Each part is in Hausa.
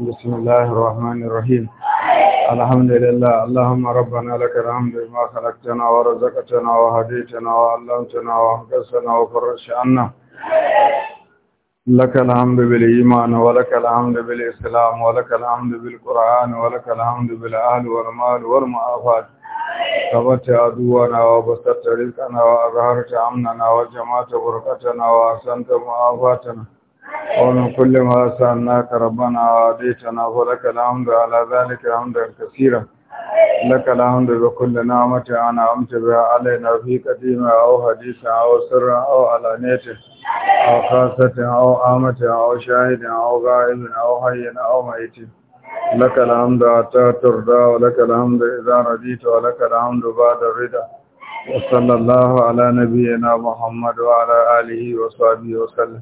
بسم الله الرحمن الرحيم الحمد لله اللهم ربنا لك الحمد بما خلقتنا ورزقتنا وهديتنا وعلمتنا وانقذتنا وفرجت عنا لك الحمد بالإيمان ولك الحمد بالإسلام ولك الحمد بالقرآن ولك الحمد بالأهل والمال والمعافات ثبت عدونا وبسطت رزقنا وأظهرت أمننا وجمعت بركتنا وأحسنت معافاتنا ومن كل ما سألناك ربنا وعديتنا فلك الحمد على ذلك الحمد كثيرا لك الحمد بكل نعمة أنا أمت بها علينا في قديمة أو حديثة أو سرة أو علانية أو خاصة أو عامة أو شاهد أو غائب أو حي أو ميت لك الحمد حتى ترضى ولك الحمد إذا رضيت ولك الحمد بعد الرضا وصلى الله على نبينا محمد وعلى آله وصحبه وسلم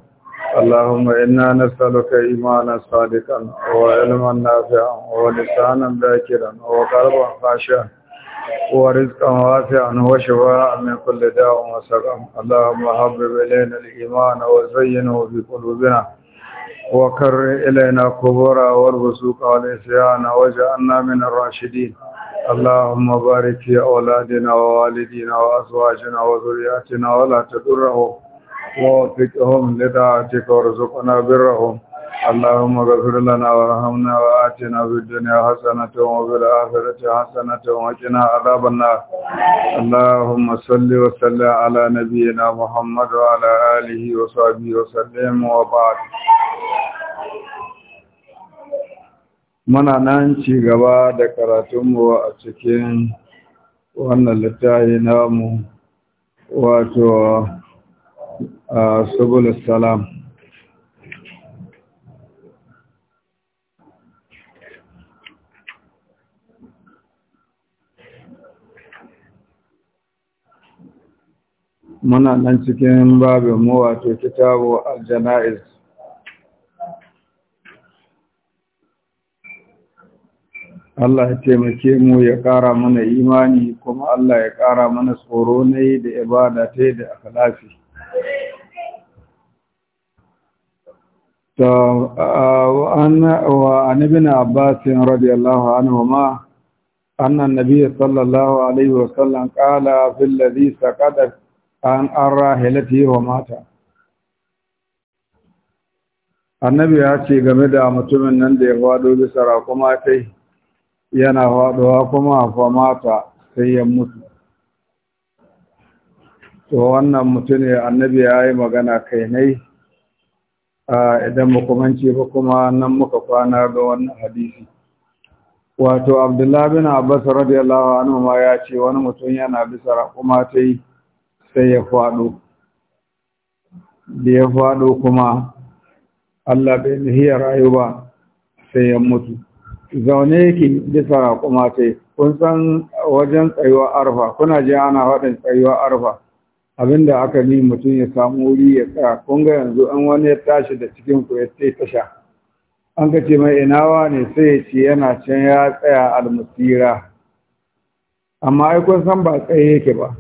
اللهم إنا نسألك إيمانا صادقا وعلما نافعا ولسانا ذاكرا وقلبا خاشعا ورزقا واسعا وشفاء من كل داء وسقم اللهم حبب إلينا الإيمان وزينه في قلوبنا وكر إلينا الكبر والبسوق والإسيان واجعلنا من الراشدين اللهم بارك في أولادنا ووالدينا وأزواجنا وذرياتنا ولا تضرهم ووفقهم لطاعتك وارزقنا برهم اللهم اغفر لنا وارحمنا وآتنا في الدنيا حسنة وفي الآخرة حسنة وقنا عذاب النار اللهم صل وسلم على نبينا محمد وعلى آله وصحبه وسلم وبعد من nan ci gaba da karatunmu a cikin wannan subul السلام muna nan cikin babin mu wato kitabu aljana'iz Allah ya taimake mu ya ƙara mana imani kuma Allah ya ƙara mana tsoro ne da ibada ta da akalafi Uh, وعن ابن عباس رضي الله عنهما أن النبي صلى الله عليه وسلم قال في الذي سقط عن الراحلته ومات annabi ya ce game da mutumin nan da ya fado bisa raƙuma tai yana fadowa kuma fa mata sai mutu to wannan mutum ne annabi ya yi magana kai nai idan makamanci ba kuma nan muka kwana ga wannan hadisi wato abdullahi bin abbas radiyallahu anhu ma ya ce wani mutum yana bisa raƙuma ta yi sai ya faɗo da ya faɗo kuma allah bai nihiyar rayu ba sai ya mutu zaune yake bisa raƙuma ta yi kun san wajen tsayuwa arfa kuna ji ana faɗin tsayuwar arfa abinda aka ni mutum ya samu wuri ya tsaya kun ga yanzu an wani ya tashi da cikin ku ya ce tasha an ka ce mai inawa ne sai ya ce yana can ya tsaya almusira amma ai kun san ba tsaye yake ba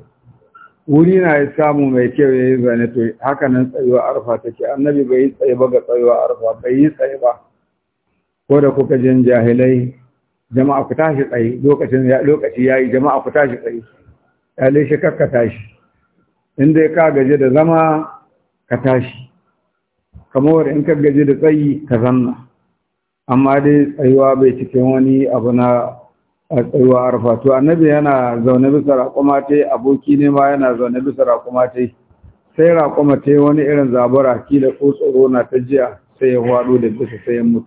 wuri na ya samu mai kyau ya yi zane to haka nan tsayuwa arfa take annabi bai yi tsaye ba ga tsayuwa arfa bai yi tsaye ba ko da kuka jin jahilai jama'a ku tashi tsaye lokacin lokaci yayi jama'a ku tashi tsaye ya lai shi kakka tashi in dai ka gaje da zama ka tashi kamar in ka gaje da tsayi ka zanna amma dai tsayuwa bai cikin wani abu na tsayuwa arfa to annabi yana zaune bisa raƙuma aboki ne ma yana zaune bisa raƙuma sai raƙuma ta wani irin zabura kila ko tsoro na ta jiya sai ya hwado da bisa sai ya mutu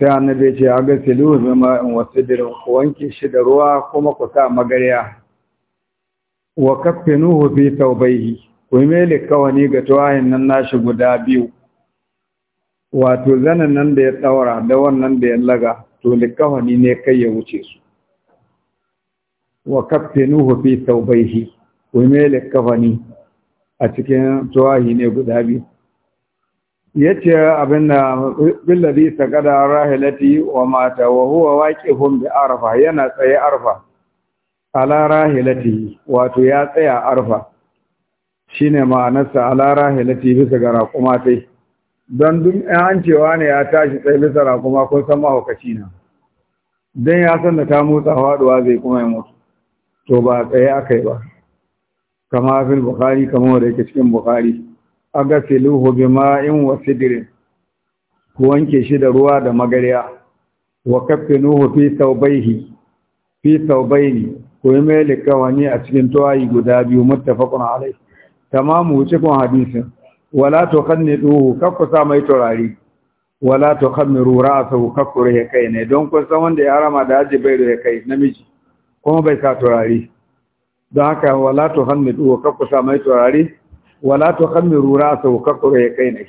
sai annabi ya ce a ga silu zama in wasu dirin ku wanke shi da ruwa kuma ku sa magarya wa kaffinuhu fi tawbayhi ku mai kawani ga tawayin nan nashi guda biyu wato zanan nan da ya daura da wannan da ya laga to likawani ne kai ya wuce su wa kaffinuhu fi tawbayhi ku mai kawani a cikin tawahi ne guda biyu yace abin da billadi sagada rahilati wa mata wa huwa waqifun bi arfa yana tsaye arfa ala rahilati wato ya tsaya arfa shine ma'anarsa ala rahilati bisa ga raƙuma tai don duk an cewa ne ya tashi tsaye bisa raƙuma kun san mahaukaci na don ya san da ta motsa faɗuwa zai kuma ya mutu to ba a tsaye aka yi ba kama fil bukari kama wanda yake cikin bukari ga filuhu bi ma'in wa sidirin. ku wanke shi da ruwa da magariya wa kaffinuhu fi saubaihi fi Koyi yi mai likawani a cikin tawayi guda biyu muttafaqun alai tamamu kun hadisin wala tuqanniduhu kakku sa mai turare wala tuqammiru sau kakku rihe kai ne don kun san wanda ya harama da haji bai rihe kai namiji kuma bai sa turare don haka wala tuqanniduhu kakku sa mai turare wala tuqammiru sau kakku rihe kai ne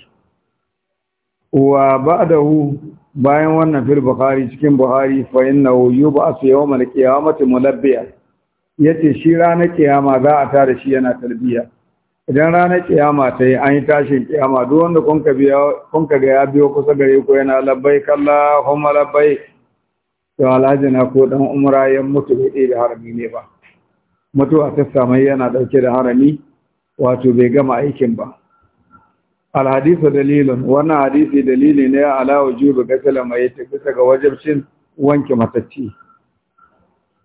wa ba'dahu bayan wannan fil bukhari cikin buhari fa innahu yub'asu yawmal qiyamati mulabbiyan yace shi ranar kiyama za a tara shi yana tarbiyya idan ranar kiyama ta yi an yi tashin kiyama duk wanda kun ka ga ya biyo kusa gare ku yana labbai kalla kuma labbai to alhaji na ko dan umra ya mutu bai da harami ne ba mutuwa ta samai yana dauke da harami wato bai gama aikin ba alhadisu dalilun wannan hadisi dalili ne ala wujubi gasala mai tafi bisa ga wajibcin wanke matacci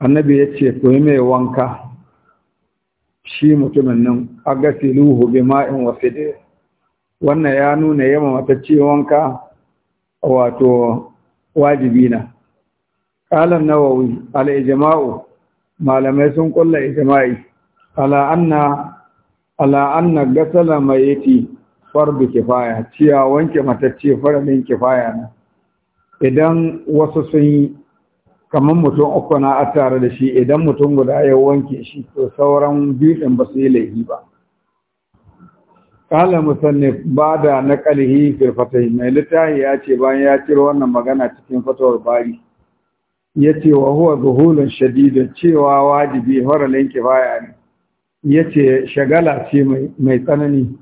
annabi ya ce ku yi mai wanka shi mutumin nan agasiluhu bi ma'in wa fidir wannan ya nuna yamma matacce wanka wato wajibi na qalan nawawi al ijma'u malamai sun kulla ijma'i ala anna ala anna gasala mayiti fardu kifaya ciya wanke matacce faradin kifaya na idan wasu sun yi kamar mutum uku na a tare da shi idan mutum guda ya wanke shi to sauran biɗin ba su yi laifi ba kala musannif ba da naƙalihi firfatai mai littafi ya ce bayan ya ciro wannan magana cikin fatawar bari ya ce wa huwa zuhulun shadidun cewa wajibi faralin baya ne ya ce shagala ce mai tsanani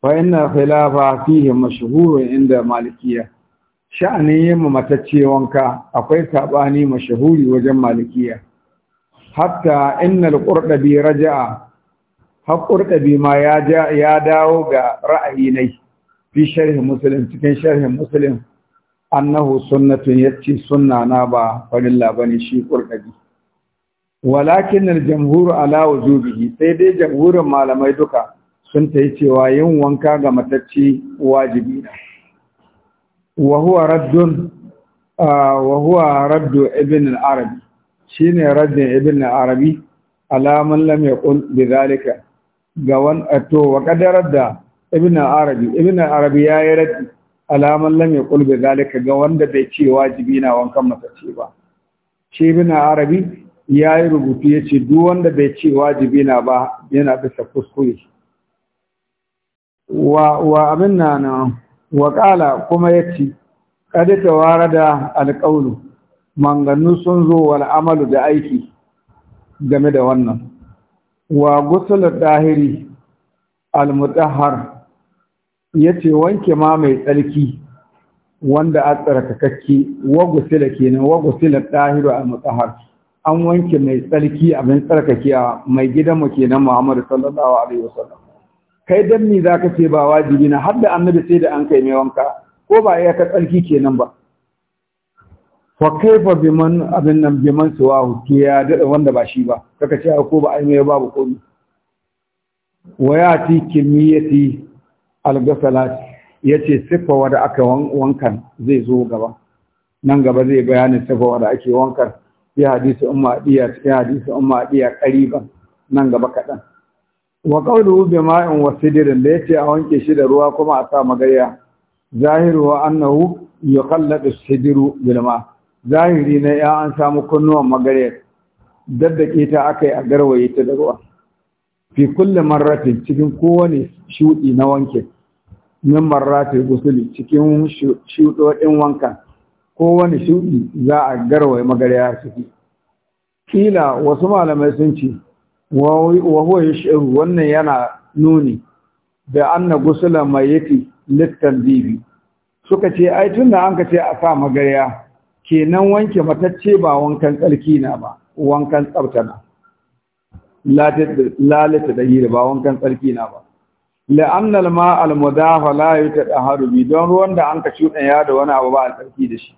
fa ina khilafa fihi mashhurun inda malikiya sha'anin yin matacce wanka akwai sabani mashahuri wajen malikiya hatta innal qurdabi raja'a har qurdabi ma ya dawo ga ra'ayi nai fi sharhi muslim cikin sharhin muslim annahu sunnatun yace sunna na ba farin bane shi qurdabi walakin al-jamhur ala wujubihi sai dai jamhurin malamai duka sun tayi cewa yin wanka ga matacce wajibi ne wa huwa raddun wa huwa raddu ibn al-arabi shine raddin ibn arabi alaman lam yaqul bidhalika ga to wa qadarar da ibn arabi ibn al-arabi yayi raddi alaman lam yaqul bidhalika ga wanda bai ce wajibi na wankan matace ba shi ibn al-arabi yayi rubutu yace duk wanda bai ci wajibi na ba yana bisa kuskure wa wa abin nan waƙala kuma ya ci, kada ta ware da alƙaunu manganu sun zo wal amalu da aiki game da wannan wa gusulat dahiri ya yace wanke ma mai tsarki wanda a tsarkakakke wa gusula kenan wa gusulat dahiru almutahhar an wanke mai tsarki abin tsarkakewa mai gidanmu kenan Muhammadu sallallahu alaihi wasallam kai dan za zaka ce ba wajibi na har da annabi sai da an kai mai wanka ko ba ya ka tsarki kenan ba fa kaifa biman abin nan biman suwa ke ya daɗa wanda ba shi ba kaka ce ko ba ai mai babu komai wayati kimiyati al-ghasalat yace siffa da aka wankan zai zo gaba nan gaba zai bayanin siffa da ake wankan ya hadisi umma adiya ya hadisi umma adiya qariban nan gaba kaɗan. wa qawluhu bi ma'in wa sidrin da yace a wanke shi da ruwa kuma a sa magaya zahiru wa annahu yuqalladu sidru bil ma zahiri ne ya an samu kunnuwan magaya daddake ta aka yi a garwaye ta da ruwa fi kulli marratin cikin kowane shudi na wanke min marratin gusuli cikin shudodin wanka kowane shudi za a garwaye su ciki kila wasu malamai sun ce wa huwa wannan yana nuni da anna gusula Littan Bibi. suka ce ai tunda an ka ce a sa ke kenan wanke matacce ba wankan tsarki na ba wankan na lalata da hira ba wankan tsarki na ba la'annal ma al-mudafa ta yatadaharu bi don ruwan da an ka cuɗanya da wani abu ba a tsarki da shi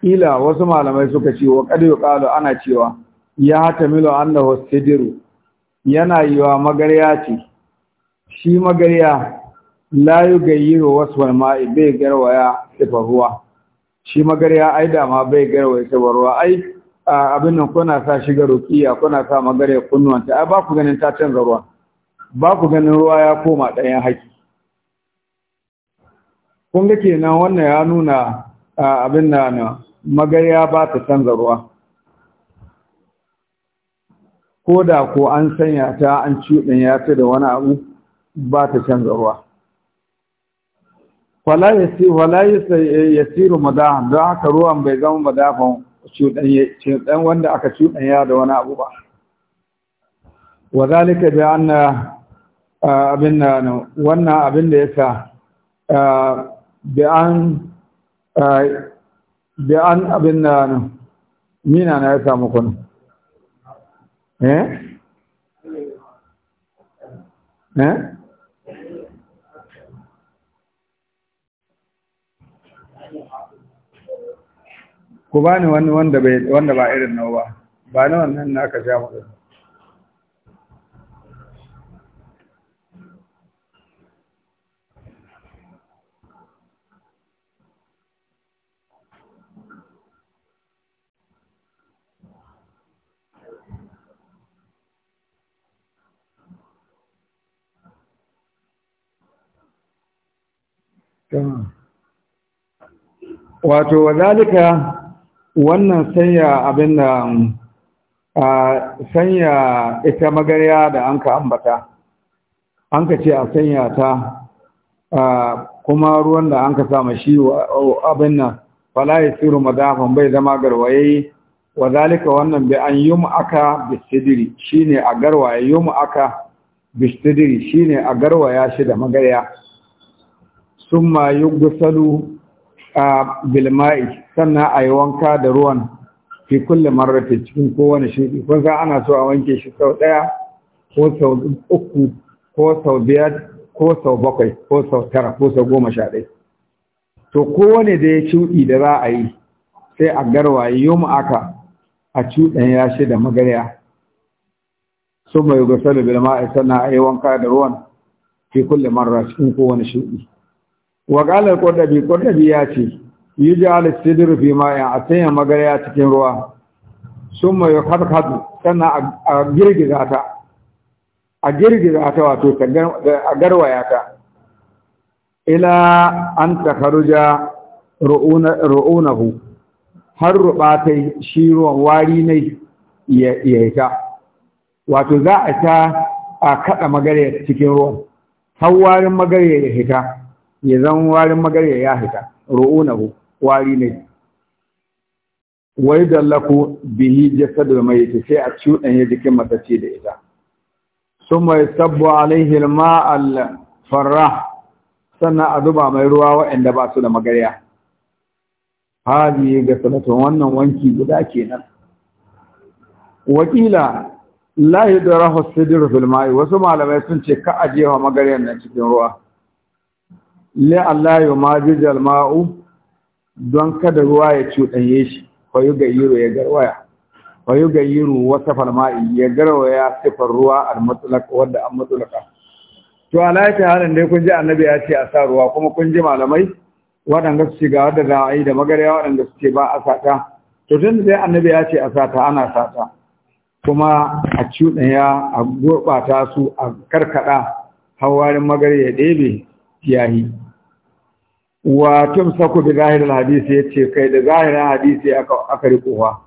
kila wasu malamai suka ce wa qad yuqalu ana cewa ya an da sidiru yana yiwa magarya ce shi magarya la yugayyiru wani ma'i bai garwaya sifar ruwa shi magarya ai da ma bai garwaya sifar ruwa ai abin nan kuna sa shiga rukiya kuna sa magarya kunnuwanta ai ba ku ganin ta canza ruwa ba ku ganin ruwa ya koma ɗayan haki kun ga kenan wannan ya nuna abin da magarya ba ta canza ruwa ko da ko an sanya ta an cuɗanya ta da wani abu ba ta canza ruwa wala eh, yasiru madahan don haka ruwan bai zama madafan cuɗan wanda aka cuɗanya da wani abu ba wa zalika bi na abin na wannan abin da ya sa bi an abin na mina na ya samu kunu Eh? Eh? ku bani wani wanda ba irin nawa ba ba na wannan na ka sha magana wato wadalika wannan sanya abin da sanya ita magarya da an ka ambata an ka ce a sanya ta kuma ruwan da an ka sama shi abin nan falaye siru madafan bai zama garwaye wadalika wannan bai an yi aka bistidiri shine a garwaye yi aka bistidiri shine a garwaya shi da magarya yi gusalu a bilma'i sannan a yi wanka da ruwan fi kulle marrati cikin kowane shi kun san ana so a wanke shi sau daya ko sau uku ko sau biyar ko sau bakwai ko sau tara ko sau goma sha ɗaya to kowane da ya cuɗi da za a yi sai a garwaye yi aka a cuɗan ya shi da magariya sun mai yi gusalu bilma'i sannan a yi wanka da ruwan fi kulle marra cikin kowane shuɗi wa qala qurdabi qurdabi ya ce yujal sidr fi ma'in a sanya magarya cikin ruwa summa yukhadhad sannan a girgiza ta wato a garwaya ila an takharuja ru'unahu har rubatai shi ruwan wari ne ya ita wato za a ta a kada magarya cikin ruwan har warin magarya ya hita ya zan warin magarya ya na ru'unahu wari ne wai da laku bihi da mai ta sai a ya jikin matacce da ita sun mai sabbo alaihi ma'al farra sannan a zuba mai ruwa waanda ba su da magarya hali ga sanatun wannan wanki guda kenan wakila la yudrahu sidir fil ma'i wasu malamai sun ce ka ajewa magaryan nan cikin ruwa le Allah yau ma maji jalma'u don kada ruwa ya cuɗanye shi ko yi gayyiro ya garwaya ko yi gayyiro wata farma'i ya garwaya sifar ruwa al matsalaka wadda an matsalaka. to ala yake halin dai kun ji annabi ya ce a sa ruwa kuma kun ji malamai waɗanda su ce ga wadda za a yi da magariya waɗanda su ce ba a sa ta. to tun da annabi ya ce a sa ta ana sa ta. kuma a cuɗanya a gurɓata su a karkaɗa hawarin magarya ɗebe yahi wa sako bi zahirin hadisi yace kai da zahirin hadisi aka aka rikuwa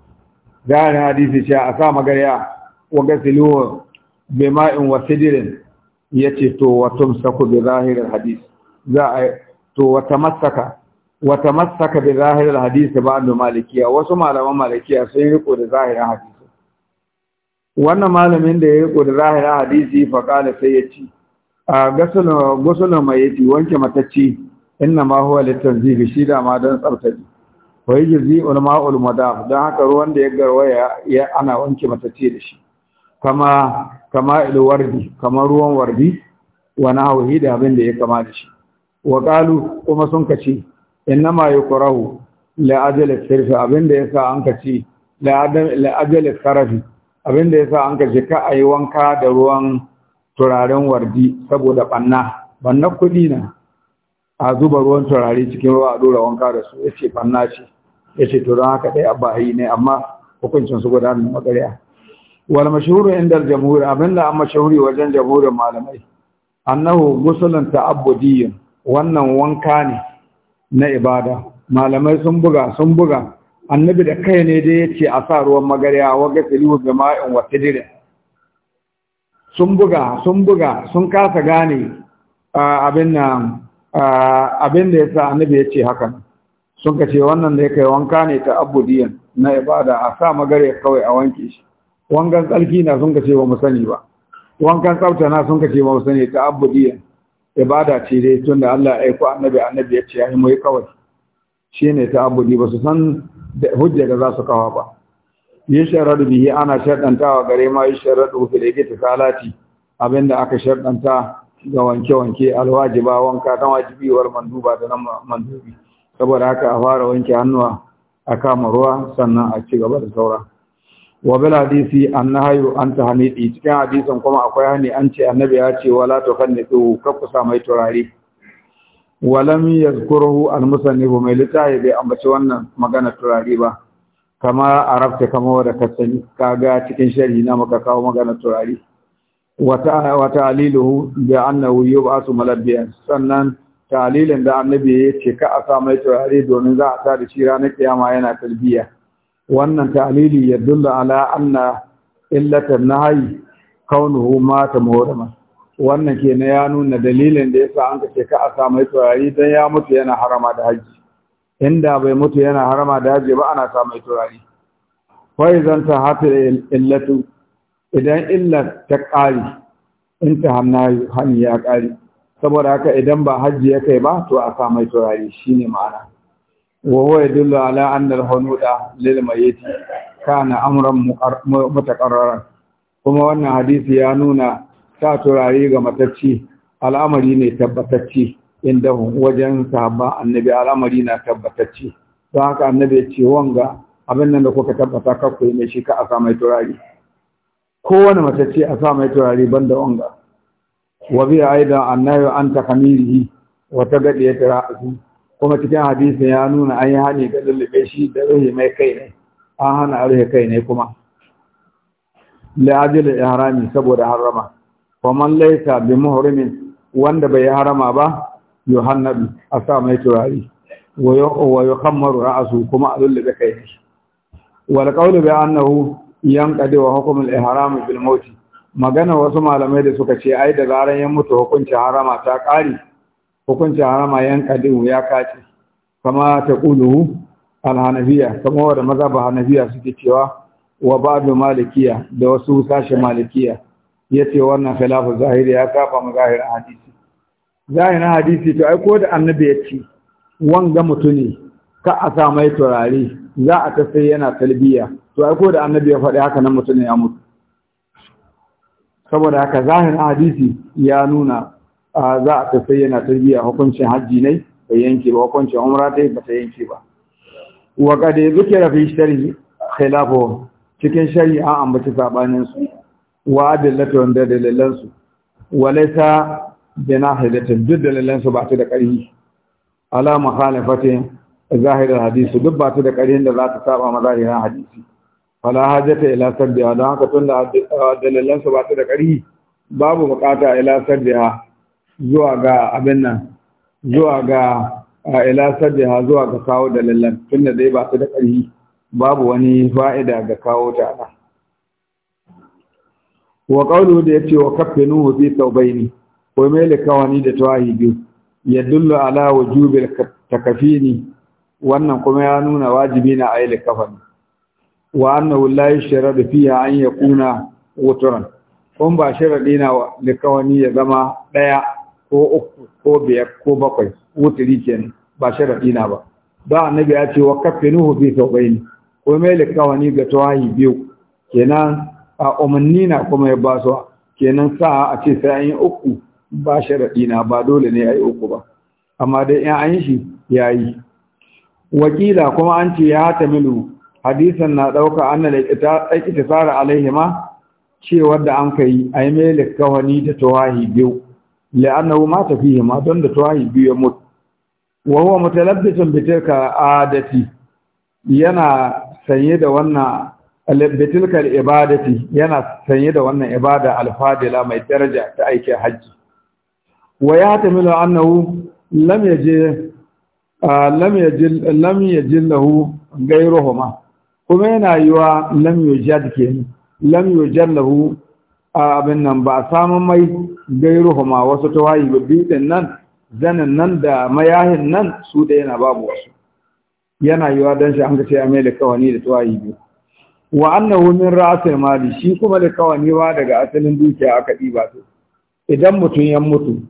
zahirin hadisi ce a sa magariya wa gasilu bi ma'in wa sidrin yace to wa sako bi zahirin hadisi za a to wa tamassaka wa tamassaka bi zahirin hadisi ba annu malikiya wasu malaman malikiya sun riko da zahirin hadisi wannan malamin da ya riko da zahirin hadisi fa kana sai yace a gasulun mai yace wanke matacci inna ma huwa litanzihi shi da ma don tsaftace wa yajzi ul madaf dan haka ruwan da ya garwaya ya ana wanke matace da shi kama kama wardi kamar ruwan wardi wa nahwihi da abin da ya kama da shi wa qalu kuma sun kace inna ma yukrahu la ajal sirfi abin da yasa an kace la adam la ajal abin da yasa an kace ka ayi wanka da ruwan turaren wardi saboda banna banna kudi na a zuba ruwan turare cikin ruwa a dora wanka da su ya ce fanna ce ya ce to don haka ɗaya ba yi ne amma hukuncin su gudanar da makarya wal mashhuru inda jamhuri abinda an mashhuri wajen jamhurin malamai annahu musulun ta'abbudiyyun wannan wanka ne na ibada malamai sun buga sun buga annabi da kai ne dai yace a sa ruwan magarya wa gasilihu jama'in wa tidrin sun buga sun buga sun kasa gane abin nan abin da sa annabi ya ce hakan sun ka ce wannan da ya kai wanka ne ta abudiyan na ibada a sa magare kawai a wanke shi wankan tsarki na sun ka ce ba mu sani ba wankan tsafta na sun ka ce ba mu sani ta abudiyan ibada ce dai da Allah ya aiko annabi annabi ya ce ya yi mu kawai Shi ne ta abudi ba su san hujja da za su kawa ba yi sharadu bihi ana shardantawa gare ma yi sharadu fi da yake ta salati abinda aka shardanta ga wanke-wanke alwajiba wanka kan wajibiwar manduba da nan mandubi saboda haka a fara wanke hannuwa a kama ruwa sannan a ci gaba da saura wa bil hadisi annahayu an tahnidi cikin hadisin kuma akwai hani an ce annabi ya ce wala to tufannidu kar ku sa mai turare walam yazkuruhu al-musannifu mai litahi bai ambaci wannan magana turare ba kama arabta kama wadda ka sani kaga cikin sharhi na maka kawo magana turare wata aliluhu da annahu su malabbiyan sannan ta'lilin da annabi ya ce ka a sa turare domin za a ta da shi ranar kiyama yana talbiya wannan ta'lili ya dulla ala anna illatan nahyi kaunuhu mata mawrama wannan ke na ya nuna dalilin da ya sa an kace ka a sa turare don ya mutu yana harama da haji inda bai mutu yana harama da haji ba ana sa turare ta hatta illatu idan illar ta ƙari in ta hannu hani ya ƙari saboda haka idan ba hajji ya kai ba to a sa mai turare ne ma'ana wa ya dillo ala anna al-hunuda lil mayyit kana amuran mutaqarraran kuma wannan hadisi ya nuna sa turare ga matacci al'amari ne tabbatacci inda wajen sahaba annabi al'amari na tabbatacci don haka annabi ya ce wanga abin nan da kuka tabbata kakwai ne shi ka a samai mai turare kowane matacce a sa mai turare banda onga wa bi aida annayu an takamirihi wa a tirasu kuma cikin hadisi ya nuna an yi hani ga lullube shi da ruhi mai kai ne an hana ruhi kai ne kuma la'ajil ihrami saboda harama wa man laysa bi muhrimin wanda bai harama ba yuhannabi a sa mai turare wa a ra'asu kuma a lullube kai ne wal qawlu bi annahu yankade wa hukumul al-ihram bil maut magana wasu malamai da suka ce ai da zaran ya mutu hukuncin harama ta kare hukuncin harama yanqadi ya kace kama ta qulu al-hanafiya kama wa mazhab hanafiya suke cewa wa ba'du malikiya da wasu sashi malikiya yace wannan khilafu zahiri ya kafa mazahir hadisi zahirin hadisi to ai ko da annabi ya ce wanga mutune ka a sa mai turare za a ta sai yana talbiya to ai ko da annabi ya faɗi haka nan mutum ya mutu saboda haka zahir hadisi ya nuna za a tafi yana tarbiya hukuncin hajji ne bai yanke ba hukuncin umra ta ba ta yanke ba wa qad zikira fi shari'i khilafu cikin shari'a an bace sabanin su wa adillatu da dalilan su walaysa binahidatin duk dalilan su ba ta da ƙarfi ala mukhalafatin zahir hadisi duk ba ta da ƙarfin da za ta saba mazahirin hadisi fala hajata ila sabbiha don haka tun da dalilansa ba su da ƙari, babu bukata ila sabbiha zuwa ga abin nan zuwa ga ila sabbiha zuwa ga kawo dalilan tun da dai ba su da ƙari, babu wani fa'ida ga kawo ta ana wa qawlu da ce wa nuhu kaffinuhu taubai ne ko mai likawani da tawahi biyu yadullu ala wa takafi ne wannan kuma ya nuna wajibi na ayi likafani wa annahu la yashradu fiha an yakuna wutran kun ba sharadi na da kawani ya zama daya ko uku ko biyar ko bakwai wutri kenan ba sharadi na ba ba annabi ya ce wa nuhu fi thawbayn ko mai likawani ga tawahi biyu kenan a umanni na kuma ya ba su kenan sa a ce sai an yi uku ba sharadi na ba dole ne ai uku ba amma dai in an yi shi yayi wakila kuma an ce ya tamilu Hadisan na ɗauka an da ita tsara alaihima cewar da an kai a yi mai da tawahi biyu la'annahu ma ta tafihi ma don da tawahi biyu ya mutu wa huwa mutalabbisun bi adati yana sanye da wannan bitilkar ibadati yana sanye da wannan ibada alfadila mai daraja ta aikin hajji wa ya milo annahu lam yaje lam yajil lam yajil lahu ghayruhuma kuma yana wa lamyo jad ke lamyo jad lahu abin nan ba samun mai gairu huma wasu tawayi ba din nan zanen nan da mayahin nan su da yana babu wasu yana yi wa don shi an ga amai da kawani da tawayi biyu wa annahu min ra'sil mali shi kuma da kawani ba daga asalin dukiya aka diba to idan mutum ya mutu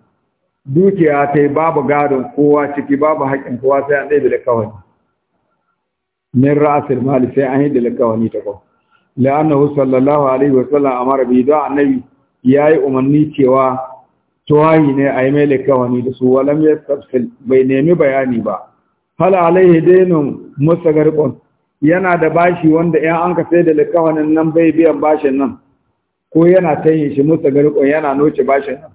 dukiya ta yi babu gadon kowa ciki babu haƙin kowa sai an ɗaya da kawani min ra'asil mali sai an hidda lakawani ta kwa la'annahu sallallahu alaihi wa sallam amara bi da annabi yayi umarni cewa tuwahi ne a yi mai likawani da su walam ya tafsil bai nemi bayani ba hal alaihi dainun musagarqun yana da bashi wanda 'yan an ka sai da lakawanin nan bai biyan bashin nan ko yana tanye shi Musa musagarqun yana noce bashin nan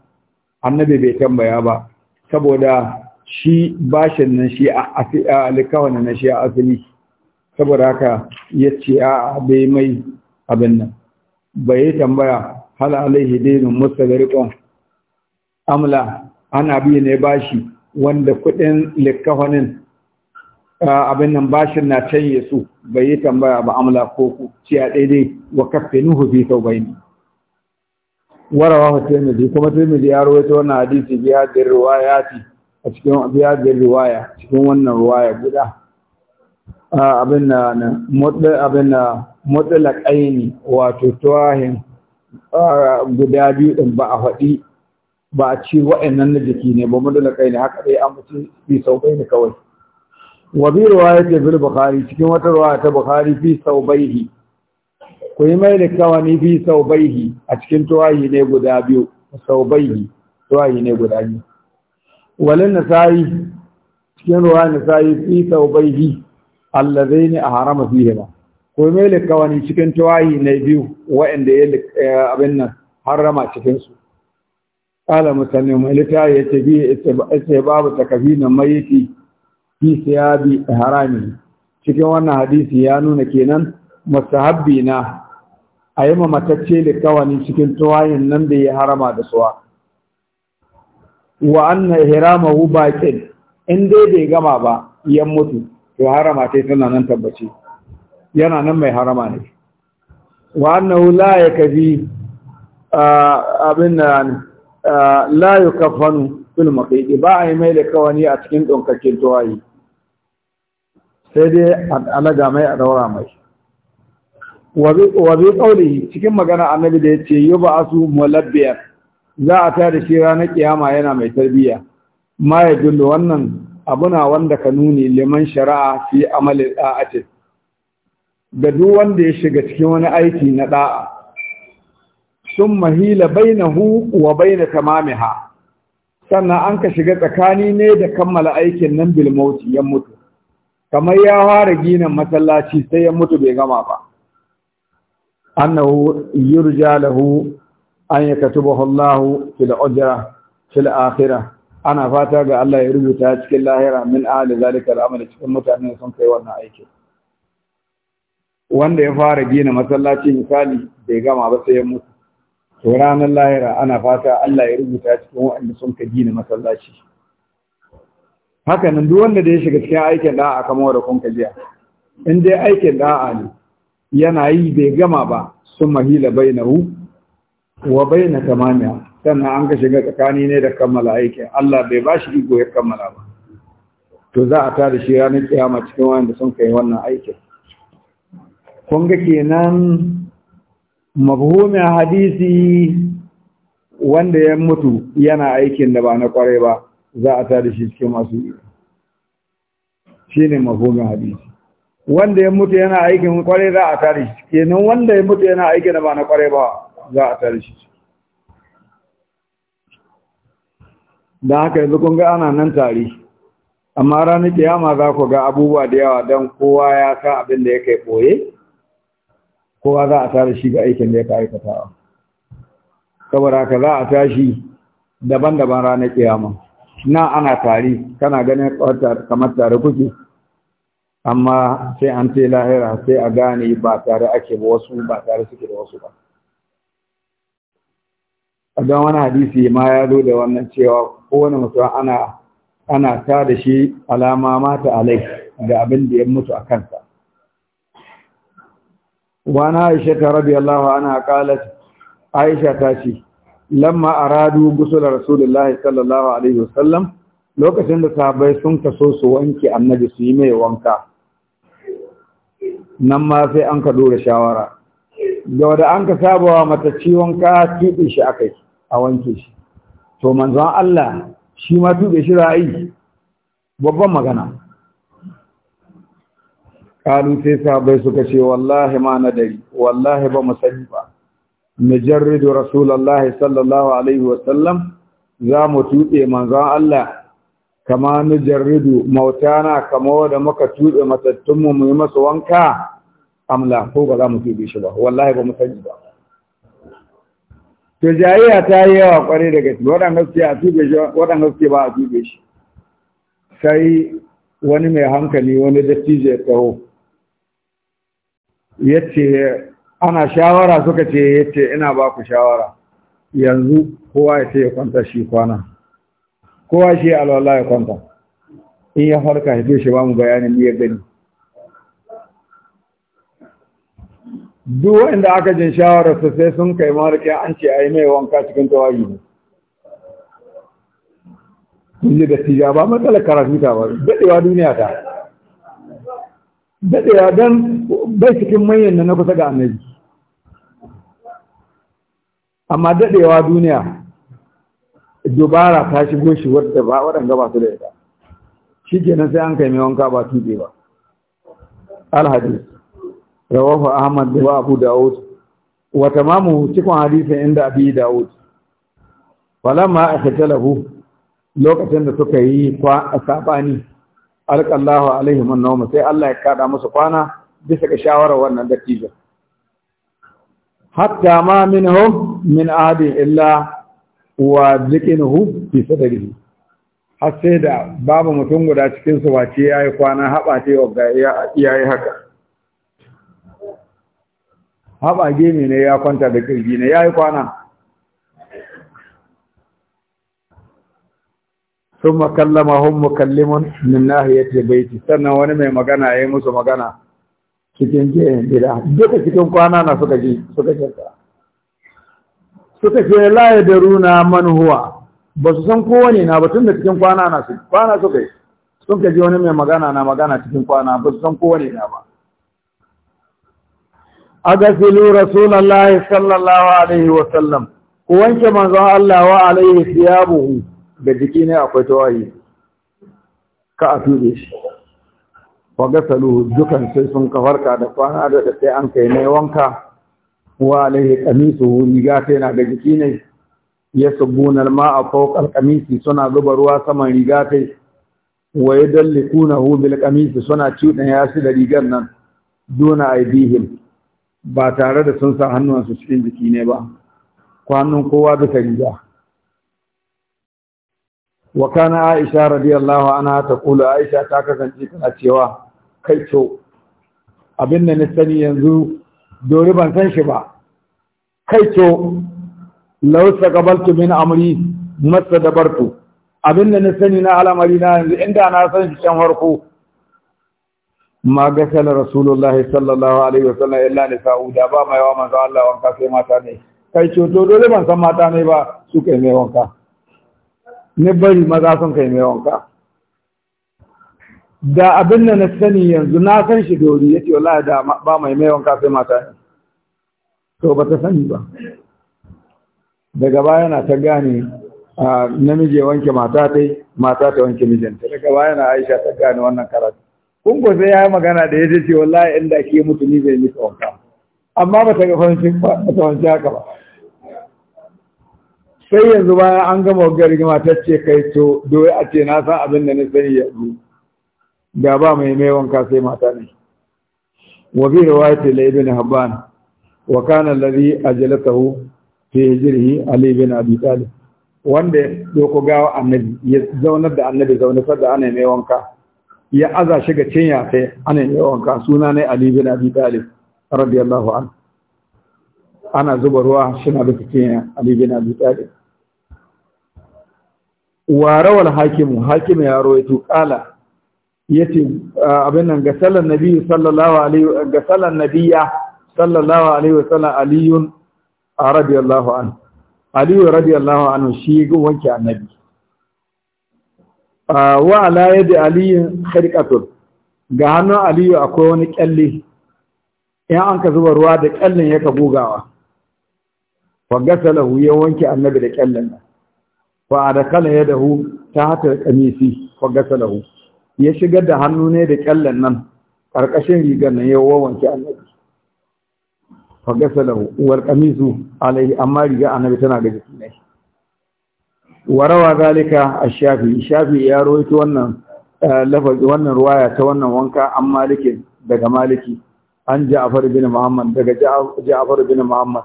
annabi bai tambaya ba saboda shi bashin nan shi a lakawanin nan shi a asali saboda haka ya ce a bai mai abin nan bai yi tambaya hala alaihi dainun mustagrikon amla ana biyu ne bashi wanda kudin likkafanin abin nan bashin na canye su bai yi tambaya ba amla ko ku ci a daidai wa kafe nuhu fi sau bai ne warawa tirmidhi kuma tirmidhi ya rawaito wannan hadisi biya da riwaya a cikin biya da cikin wannan ya guda abin na abin na mutlaq wato tuwahin guda biyu ɗin ba a faɗi ba a ci wa'annan na jiki ne ba mutlaq aini haka ɗaya an mutu fi bai ne kawai wa bi riwayati bil bukari cikin wata ruwa ta bukari fi sau bai ku yi mai da kawani fi saubaihi a cikin tuwahi ne guda biyu saubaihi tuwahi ne guda biyu walin nasa'i cikin ruwa nasa'i fi ne. allazaini ahrama ba. ko mai likawani cikin tawayi na biyu wa'anda ya eh, abin nan harama cikin su qala musallim malita ya tabi istihbabu takfina mayiti fi siyabi ihrami cikin wannan hadisi ya nuna kenan mustahabbi na ayi matacce likawani cikin tawayin nan da ya harama da suwa wa anna ihramahu baqin in dai bai gama ba yan mutu to harama ta tana nan tabbaci yana nan mai harama ne wa annahu la yakfi abin nan la yukafanu fil maqidi ba ai mai da kawani a cikin donkakin tawayi sai dai alaga mai a daura mai wa bi cikin magana annabi da yace yub'asu mulabbiya za a tare shi ranar kiyama yana mai tarbiyya ma ya wannan abuna wanda ka nuni liman shari'a fi amalin da'atin ga duk wanda ya shiga cikin wani aiki na da'a sun mahila bainahu wa baina tamamiha sannan an ka shiga tsakani ne da kammala aikin nan bil mauti ya mutu kamar ya fara ginin masallaci sai ya mutu bai gama ba annahu yurja lahu an yakatubahu Allah fil ujra fil akhirah ana fata ga Allah ya rubuta cikin lahira min ahli zalika al'amal cikin mutanen sun kai wannan aikin wanda ya fara gina masallaci misali bai gama ba sai ya mutu to ranar lahira ana fata Allah ya rubuta cikin wanda sun ka gina masallaci haka nan duk wanda da ya shiga cikin aikin da'a kamar da kun jiya in dai aikin da'a ne yana yi bai gama ba sun mahila bainahu wa baina tamamiya sannan an ka shiga tsakani ne da kammala aikin Allah bai ba shi iko ya kammala ba to za a tada shi ranar kiyama cikin da sun kai wannan aikin kun ga kenan mabhumin hadisi wanda ya mutu yana aikin da ba na kwarai ba za a tada shi cikin masu yi shine mabhumin hadisi wanda ya mutu yana aikin kwarai za a tare shi kenan wanda ya mutu yana aikin da ba na kwarai ba za a tare shi da haka yanzu kun ga ana nan tare amma ranar kiyama za ku ga abubuwa da yawa don kowa ya sa abin da ya kai ɓoye kowa za a tare shi ga aikin da ya ka aikatawa saboda haka za a tashi daban-daban ranar kiyama na ana tare kana ganin kamar tare kuke amma sai an ce lahira sai a gane ba tare ake wasu ba tare suke da wasu ba don wani hadisi ma ya zo da wannan cewa kowane mutum ana ana ta da shi alama mata alai da abin da ya mutu a kansa wani aisha ta rabi Allah ana kalat aisha ta ce lamma aradu gusul rasulullah sallallahu alaihi wasallam lokacin da sahabbai sun kaso su wanke annabi su yi mai wanka nan ma sai an ka dora shawara ga wanda an ka sabawa mata ciwon ka tuɗe shi akai a wanke shi to manzon Allah shi ma tube shi ra'ayi babban magana kalu sai sabai suka ce wallahi ma na dari wallahi ba mu sani ba najarridu rasulullahi sallallahu alaihi wa sallam za mu tube manzon Allah kama najarridu mautana kama wanda muka tuɓe matattunmu mu yi masa wanka amla ko ba za mu tuɓe shi ba wallahi ba mu sani ba to jayayya ta yi yawa kwarai da gaske waɗanda suke a tube shi waɗanda suke ba a tube shi sai wani mai hankali wani dattijo ya taho ya ce ana shawara suka ce ya ce ina ba ku shawara yanzu kowa ya ce ya kwanta shi kwana kowa shi alwala ya kwanta in ya farka ya ce shi ba mu bayanin ya gani duk wanda aka jin shawararsa sai sun kai marike an ce a yi mai wanka cikin tawayi ne kun yi da tija ba matsala karatu ta ba daɗewa duniya ta daɗewa don bai cikin manyan na kusa ga annabi amma daɗewa duniya dubara ta shigo shi wadda ba waɗanda ba su da ita shi kenan sai an kai mai wanka ba tuɗe ba alhadis rawahu ahmad da abu daud wa tamamu cikon hadisin inda abi daud falamma talabu lokacin da suka yi kwa sabani alqallahu wa annawm sai Allah ya kada musu kwana bisa ga shawara wannan dattijo hatta ma minhu min adi illa wa zikinuhu fi sadrihi har sai da babu mutum guda cikin su wace yayi kwana haɓa ce wa ga iyaye haka haɓa gini ne ya kwanta da kirgi ne ya yi kwana sun makallama hun mukallimun min bai baiti sannan wani mai magana ya yi musu magana cikin jiyan gida duka cikin kwana na suka ji suka shirka suka ce laye da runa manuwa ba su san kowane na ba tun da cikin kwana na su kwana suka yi sun ka ji wani mai magana na magana cikin kwana ba su san kowane na ba agasilu rasulullahi sallallahu alaihi wasallam ku wanke manzon Allah wa alaihi siyabuhu da jiki ne akwai tawayi ka a tuɗe shi wa gasalu dukan sai sun kafarka da kwana da sai an kai ne wanka wa alaihi kamisu riga sai na da jiki ne ya sabbuna alma'a fawqa alqamisi suna zuba ruwa saman riga ta wa yadallikunahu bil qamisi suna cuɗanya yasu da rigar nan duna aidihim ba tare da sun sa hannuwansu cikin jiki ne ba kwanan kowa bisa riga wa kana aisha radiyallahu anha ta kula aisha ta kasance tana cewa kai to abin da na sani yanzu dori ban san shi ba kai to law saqabaltu min amri masa dabartu abin da na sani na al'amari na yanzu inda na san shi can farko ma gasala rasulullahi sallallahu alaihi wasallam illa nisa'u da ba mai wa manzo Allah wanka sai mata ne kai coto dole ban san mata ne ba su kai mai wanka ne bari maza sun kai mai wanka da abin da na sani yanzu na san shi dori yace wallahi da ba mai mai wanka sai mata ne to ba ta sani ba daga baya na ta gane namiji wanke mata tai mata ta wanke mijinta daga baya na Aisha ta gane wannan karatu kun ko sai ya yi magana da ya ce wallahi inda ke mutu ni zai yi wanka amma ba ta gafancin ba ta wanci haka ba sai yanzu bayan an gama wajen rigima ta ce kai to doye a ce na san abin da na sani zu ga ba mai mai wanka sai mata ne wa bi riwayati la ibn habban wa kana alladhi ajlatahu fi hijrihi ali ibn abi talib wanda ya doko gawa annabi ya zaunar da annabi zaune sada ana mai wanka ya aza shi ga cinya sai ana yawan ka suna ne Ali bin Abi Talib radiyallahu anhu ana zuba ruwa shi na duka cinya Ali bin Abi Talib wa warawar hakimu hakimu ya kala ya ce abin nan gasalar sallan sallallahu alaihi ga sallan nabiyya sallallahu alaihi wasallam aliyun radiyallahu anhu aliyu radiyallahu anhu shi ga wanke annabi Ah, wa ala yadi aliyin khirqatun ga hannun aliyu akwai wani kyalle in an ka zuba ruwa da kyallin ka bugawa wa gasalahu ya wanke annabi da kyallin nan wa ya dahu ta hata kamisi wa gasalahu ya shigar da hannu ne da kyallin nan ƙarƙashin rigar nan ya wanke annabi wa gasalahu uwar kamisu alaihi amma riga annabi tana ga jiki ne warawa zalika a shafi shafi ya roito wannan lafazi wannan ruwaya ta wannan wanka an maliki daga maliki an ja'far bin muhammad daga ja'far bin muhammad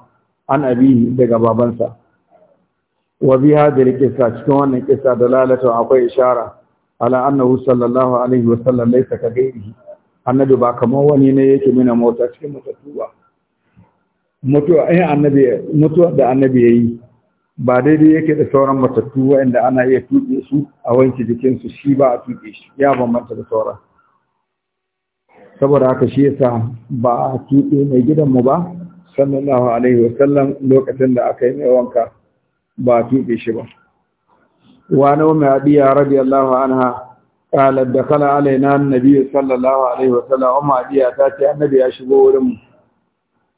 an abihi daga babansa wa bi hadhihi kissa cikin wannan kissa dalalatu akwai ishara ala annahu sallallahu alaihi wa sallam laysa ka gairihi annabi ba kamar wani ne yake mina mota cikin mutuwa mutuwa eh annabi mutuwa da annabi yayi ba daidai yake da sauran matattu wa'anda ana iya tuɗe su a wanke jikinsu shi ba a tuɗe shi ya bambanta da sauran saboda haka shi yasa ba a tuɗe mai gidanmu ba sallallahu alaihi sallam lokacin da aka yi mai wanka ba a tuɗe shi ba wa na mai abiya radiyallahu anha da kala alaina annabi sallallahu alaihi wa sallam. umma abiya ta ce annabi ya shigo wurin mu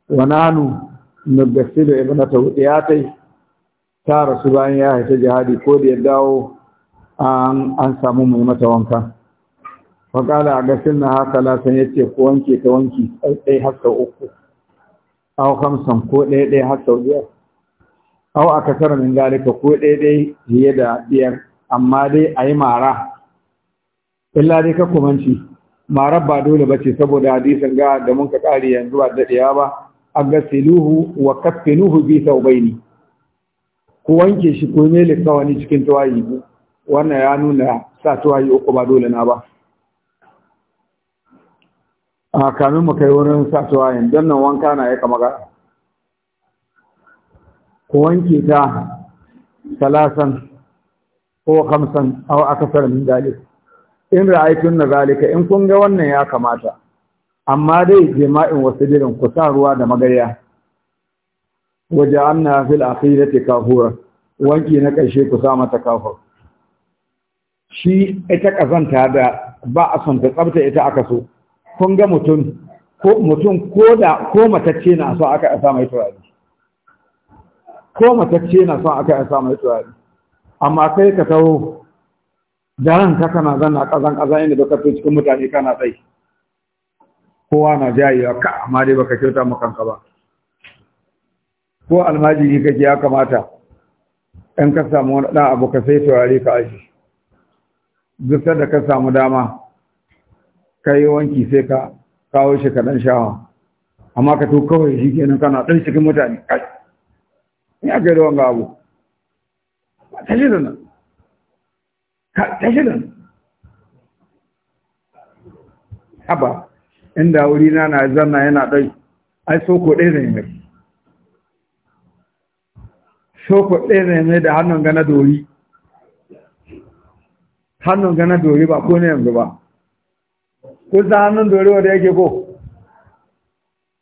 wa nanu ya ta yi. ta rasu bayan ya haifi jihadi ko da ya dawo an samu mai mata wanka fakala a gasin na haka lasan ya ce ko wanke ta wanki ɗai haka uku au hamsin ko ɗaya ɗaya haka biyar au a kasar min galika ko ɗaya ɗaya fiye da biyar amma dai a yi mara illa dai ka kumanci mara ba dole ba ce saboda hadisin ga da mun ka ƙari yanzu ba daɗewa ba a gasiluhu wa kafinuhu bi sau bai ne ku wanke shi ko mele kawani cikin tawayi wannan ya nuna sa tawayi uku ba dole na ba a kamin mu kai wurin sa tawayin don nan wanka na ya kama gara ku wanke ta talasan ko hamsan au akasar min dalil in ra'aytun na zalika in kun ga wannan ya kamata amma dai jima'in wasu dirin ku sa ruwa da magarya waje an na fil akhirati kafura wanki na ƙarshe ku sa mata kafur shi ita ƙazanta da ba a son ta tsabta ita aka so kun ga mutum ko mutum ko da ko matacce na so aka sa mai turare ko matacce na so aka sa mai turare amma sai ka taho da ka kana zanna kazan kazan inda duka cikin mutane kana tsaye kowa na jayewa ka amma dai baka kyauta maka kanka ba ko almajiri kake ya kamata in ka samu wani ɗan abu ka sai taurari ka aji duk da ka samu dama ka yi wanki sai ka kawo shi ka ɗan shawa amma ka to kawai shi kenan kana ɗan cikin mutane kai Ni a da wanga abu ta shi da nan ta shi da nan haba inda wuri na na zanna yana ɗai ai so ko ɗaya zai mai shoko ɗaya ne da hannun gana dori hannun gana dori ba ko ne yanzu ba ko za hannun dori wadda yake ko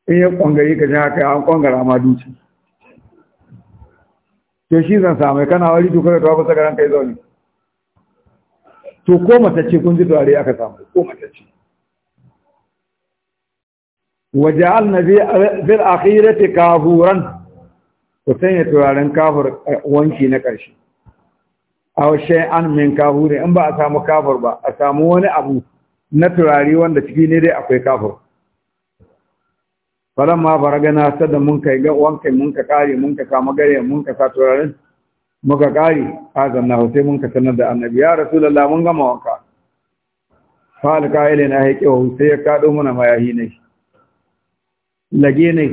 in yi ƙwangari ka shi haka an ƙwangara ma duci to shi zan samai kana wari tukar da tuwa kusa kai zaune to ko matacce kun ji turare aka samu ko matacce waje'al na bil akhirati kafuran. ku sanya turaren kafur eh, wanki na ƙarshe A washe an min kafur in ba a samu kafur ba a samu wani abu na turare wanda ciki ne dai akwai kafur fara gana sada mun kai ga wankai mun ka kare mun ka kama gare mun ka sa mun ka kare A zanna sai mun ka sanar da annabi ya rasulullah mun gama wanka fal kaile na yake wa sai ya kado mana mayahi ne lage ne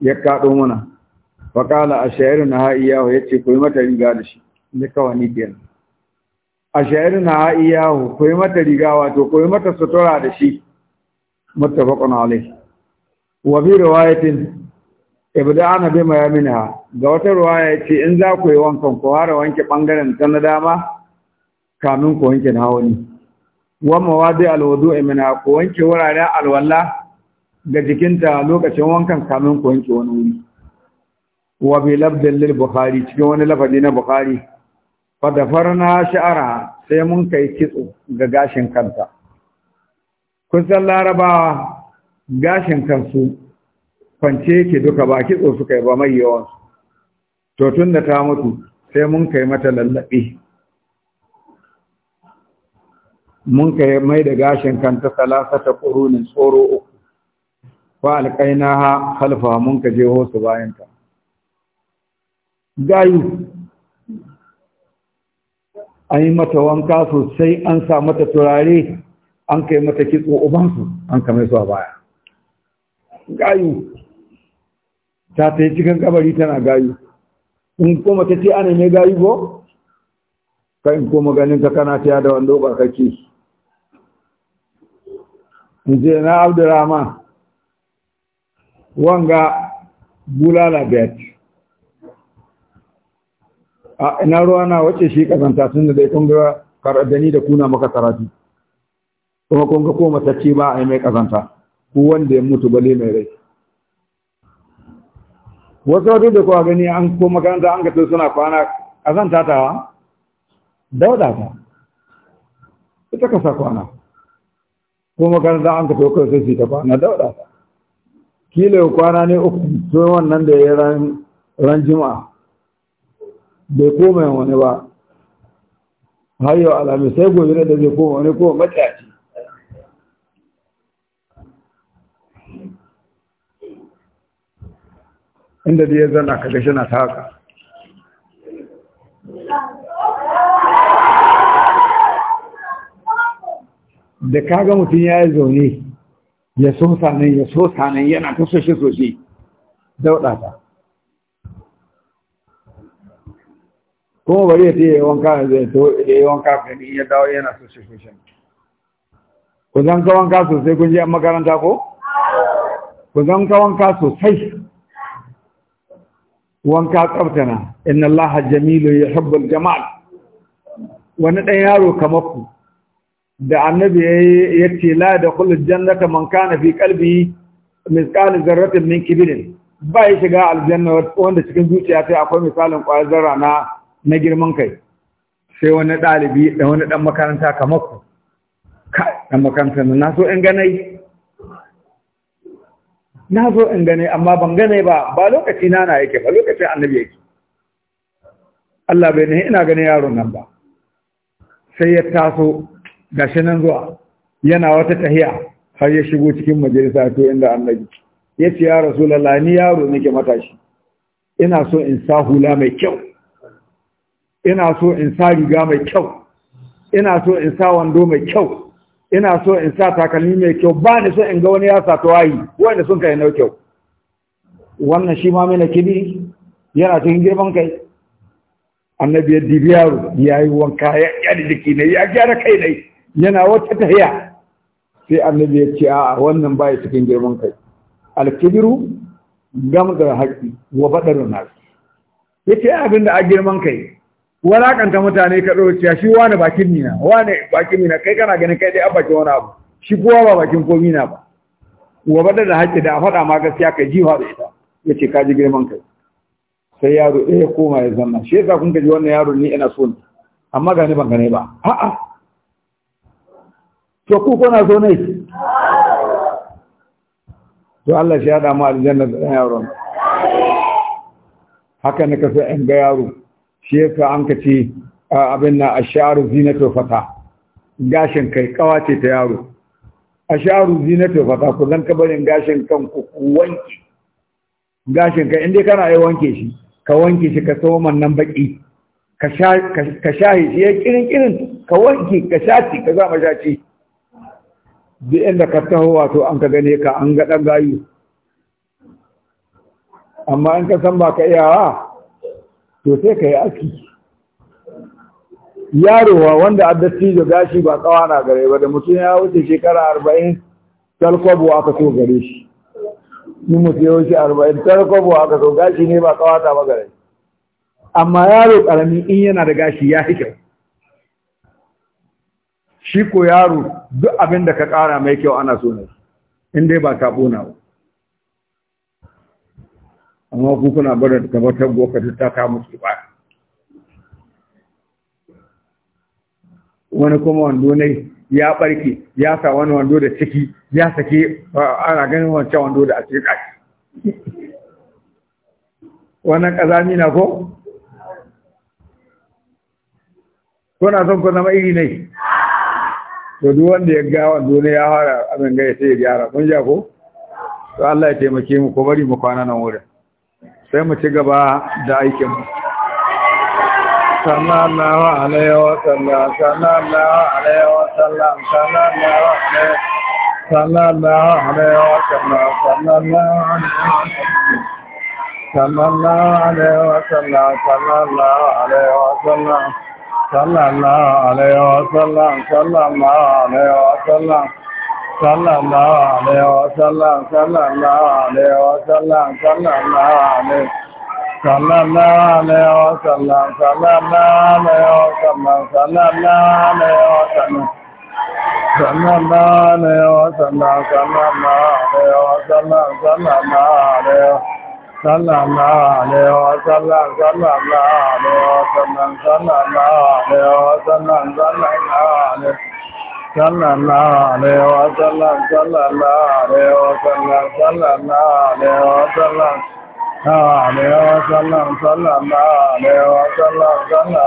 ya kado mana faƙala a shayarun na ha'iyahu ya ce kuwa mata riga da shi da kawani biyan a shayarun na ha'iyahu kuwa mata riga wato kuwa mata sutura da shi Mata faƙon alai wa bi ma ya bi ha, ga wata ya ce in za ku yi wankan ku fara wanke ɓangaren ta na dama kamin ku wanke na hawani wa mawadi a minha ku wanke wuraren alwala ga jikinta lokacin wankan kamin ku wanke wani wuri wa bi labdin lil bukhari cikin wani lafazi na bukhari fa dafarna sha'ara sai mun kai kitso ga gashin kanta kusan larabawa gashin kansu kwance yake duka ba kitso suka yi ba mai yawan to tun da ta mutu sai mun kai mata lallabe mun kai mai da gashin kanta ta kurunin tsoro uku fa alqainaha halfa mun ka hosu su bayanta gayu an mata wanka sosai an sa mata turare an kai mata kitso ubansu an kame su a baya gayu ta ta yi cikin kabari tana gayu in koma ta ce ana mai gayu bụ, ka in koma ganin ka kana ta da wanda ba kake in na abdurrahman wanga bulala bet a ina ruwa na wace shi kazanta tun da dai kun ga karadani da kuna maka karatu kuma kun ga ko matacce ba a yi mai kazanta ku wanda ya mutu bale mai rai wasu wadda da kuwa gani an ko makaranta an gato suna kwana kazanta tawa dauda ta ita ka sa kwana ko makaranta an gato kawai sai ta kwana dauda ta kila kwana ne uku to wannan da ya ran juma'a bai koma wani ba har yau alamis sai gobe da zai koma wani koma matsayaci inda da ya zana kaga shi na ta haka da kaga mutum ya yi zaune ya so nan, ya so nan yana ta soshe-soshe dauɗa kuma bari ya ce yi wanka yanzu zai to ya yi wanka ni, ya dawo yana so shi shi ku zan ka wanka sosai kun je an makaranta ko ku zan ka wanka sosai wanka tsaftana inna Laha jamilu ya yuhibbul jama'a wani ɗan yaro kamar ku da annabi ya ce la da kullun jannata man kana fi qalbi misqal zarratin min kibrin ba ya shiga aljanna wanda cikin zuciya sai akwai misalin kwayar zarra na na girman kai sai wani ɗalibi da wani ɗan makaranta kamar ku ɗan makaranta na so in ganai na so in ganai amma ban ganai ba ba lokaci na na yake ba lokacin annabi yake Allah bai ne ina ganin yaron nan ba sai ya taso shi nan zuwa yana wata tahiya har ya shigo cikin majalisa to inda annabi ya ce ya rasulallah ni yaro nake matashi ina so in sa hula mai kyau ina so in sa riga mai kyau ina so in sa wando mai kyau ina so in sa takalmi mai kyau ba ni so in ga wani ya sa tawayi wanda sun kai nau kyau wannan shi ma na kibiri yana cikin girman kai annabi ya dibi yaro ya yi wanka ya yada jiki ne ya gyara kai ne yana wata tahiya sai annabi ya ce a'a wannan ba ya cikin girman kai alkibiru Gamgar da haƙi wa badar nas yace abin da a girman kai Walaƙanta mutane ka ɗauciya shi wani bakin Nina, wani bakin Nina kai kana ganin kai dai a bakin wani abu shi kowa ba bakin komi na ba wa bada da haƙƙi da a faɗa ma gaskiya kai jiwa da ita ya ce ka ji girman kai sai yaro ɗaya ya koma ya zanna shi yasa kun gaji wannan yaro ni ina so ne amma ga ni ban gane ba a'a to ku kuna so ne to Allah shi ya da mu aljanna da yaron haka ne ka sai an ga yaro shi yasa an ka ce abin na asharu zina fata gashin kai ce ta yaro asharu zina fata ku zan ka barin gashin kan ku wanke gashin kai inda kana yi wanke shi ka wanke shi ka tsawo man nan baki ka sha ka sha shi ya kirin kirin ka wanke ka shaci ka zama shaci duk inda ka taho wato an ka gane ka an ga dan gayu amma in ka san ba ka iyawa to sai ka yi aski yarowa wanda addattijo gashi ba tsawa na gare ba da mutum ya wuce shekara arba'in talkwabo aka so gare shi in mutum ya wuce arba'in talkwabo aka so gashi ne ba tsawa ta magare gare amma yaro karami in yana da gashi ya fi kyau shi ko yaro duk abin da ka kara mai kyau ana so ne in dai ba ka ɓuna ba amma ku kuna bada ta ba ta goka ta ta musu ba wani kuma wando ne ya barke ya sa wani wando da ciki ya sake ana ganin wancan wando da a cikin wannan kazami na ko kuna son ku zama iri ne to duk wanda ya ga wando ne ya fara abin ga sai ya gyara kun ja ko to Allah ya taimake mu ko bari mu kwana nan wurin sai mu ci gaba da aikin mu sallallahu alaihi wa sallam sallallahu alaihi wa sallam sallallahu alaihi sallallahu alaihi wa sallam sallallahu alaihi sallallahu alaihi wa sallam sallallahu alaihi wa sallam sallallahu alaihi wa sallam sallallahu alaihi wa sallam sallallahu alaihi wa sallam sallallahu alaihi wa sallam sallallahu alaihi sallallahu alaihi wa sallam sallallahu alaihi wa sallam sallallahu alaihi wa sallam wa sallam sallallahu alaihi wa sallam sallallahu alaihi wa sallam sallallahu alaihi wa sallam wa sallam sallallahu alaihi သလနာလေဝသလသလနာလေဝသလသလနာလေဝသလနာလေဝသလသလနာလေဝသလသလနာလေဝသလနာလေဝသလသလနာ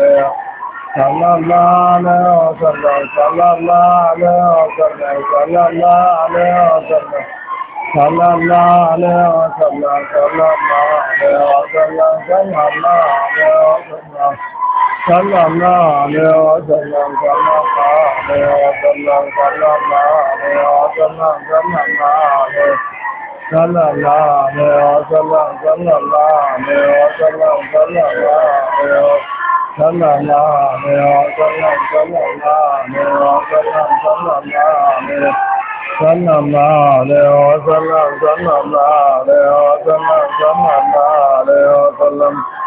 လေဝသလသလနာလေဝသလသလနာလေဝသလသလနာလေဝသလသလနာလေဝသလသမ္မာနာမောသမ္မာသမ္မာနာမောသမ္မာသမ္မာနာမောသမ္မာသမ္မာနာမောသမ္မာနာမောသမ္မာသမ္မာနာမောသမ္မာသမ္မာနာမောသမ္မာနာမောသမ္မာသမ္မာနာမောသမ္မာသမ္မာနာမောသမ္မာနာမောသမ္မာသမ္မာနာမောသမ္မာသမ္မာနာမောသမ္မာ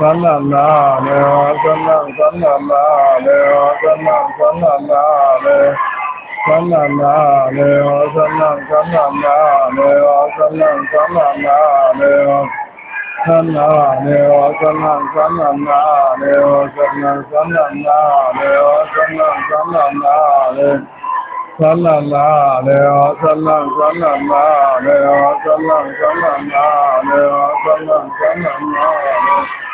သမ္မာနာလေသမ္မာသမ္မာနာလေသမ္မာသမ္မာနာလေသမ္မာနာလေသမ္မာသမ္မာနာလေသမ္မာသမ္မာနာလေသမ္မာလေသမ္မာသမ္မာနာလေသမ္မာသမ္မာနာလေသမ္မာသမ္မာနာလေသမ္မာနာလေသမ္မာသမ္မာနာလေသမ္မာသမ္မာနာလေသမ္မာသမ္မာနာလေ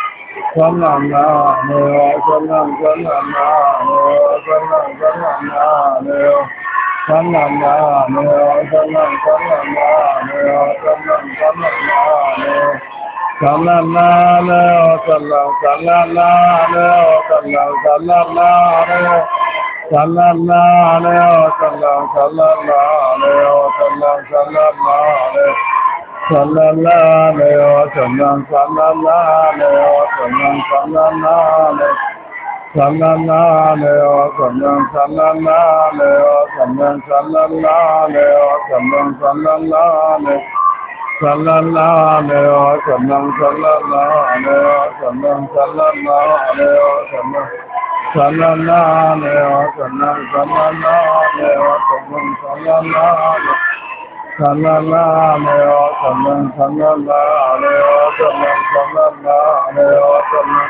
Sanam na me, sanam sanam na me, sanam sanam na me, sanam sanam သမ္မာနာမေယောသမ္မာနာမေယောသမ္မာနာမေယောသမ္မာနာမေယောသမ္မာနာမေယောသမ္မာနာမေယောသမ္မာနာမေယောသမ္မာနာမေယောသမ္မာနာမေယောသမ္မာနာမေယောသမ္မာသမ္မာနာမေယောသမ္မာနာမေယောသမ္မာနာမေယောသမ္မာနာမေယောသမ္မာနာမေယောသမ္မံသမ္မာနာမေယောသမ္မံသမ္မာနာမေယောသမ္မံ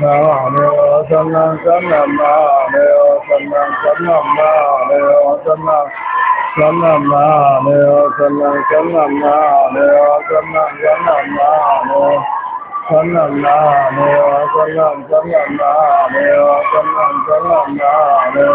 နာမေယောသမ္မံသမ္မာနာမေယောသမ္မံသမ္မာနာမေယောသမ္မံသမ္မာနာမေယောသမ္မံသမ္မာနာမေယောသမ္မံသမ္မာနာမေယောသမ္မာနာမေယောသမ္မံသမ္မာနာမေယောသမ္မံသမ္မာနာမေယော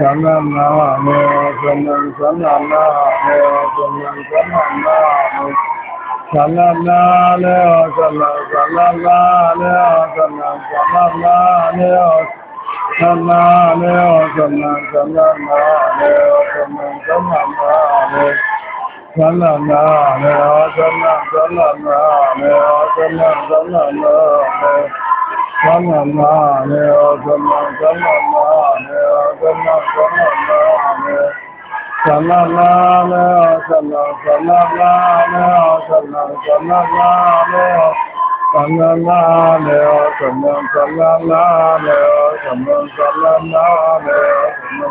sannan na hannu sannan sannan na hannu sannan sannan na hannu sannan na hannu sannan sannan သမ္မာနာမေဟောသမ္မာသမ္မာနာမေဟောသမ္မာသမ္မာနာမေသမ္မာနာမေဟောသမ္မာသမ္မာနာမေဟောသမ္မာသမ္မာနာမေသမ္မာနာမေဟောသမ္မာသမ္မာနာမေဟောသမ္မာသမ္မာနာမေဟောသမ္မာနာမေဟောသမ္မာသမ္မာနာမေဟောသမ္မာသမ္မာနာမေဟောသမ္မာ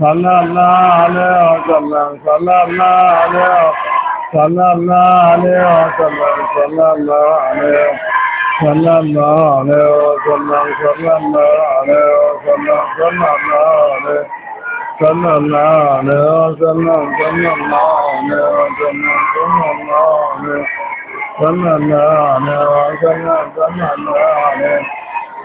Sallallahu na wa sallam, sallallahu alaihi wa sallam, a alaihi wa sallam, sallallahu alaihi wa sallam, sallallahu alaihi wa sallam, sallallahu alaihi wa sallam, sallallahu alaihi wa sallam, sallallahu alaihi wa sallam, sallallahu alaihi wa sallam, sallallahu alaihi wa sallam, sallallahu alaihi wa sallam, sallallahu alaihi wa sallam, sallallahu alaihi wa sallam, sallallahu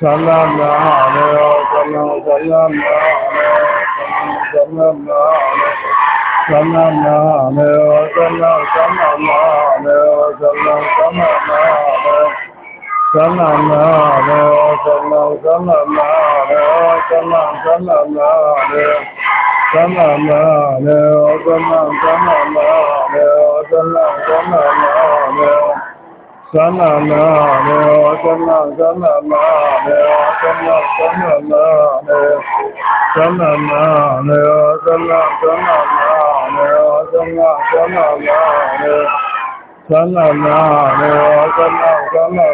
na a Sallam Sallam sana na ne wa sana sana ma ne wa sana sana ma ne sana ma ne na sana sana ma ne wa sana sana ma ne sana ma ne wa sana sana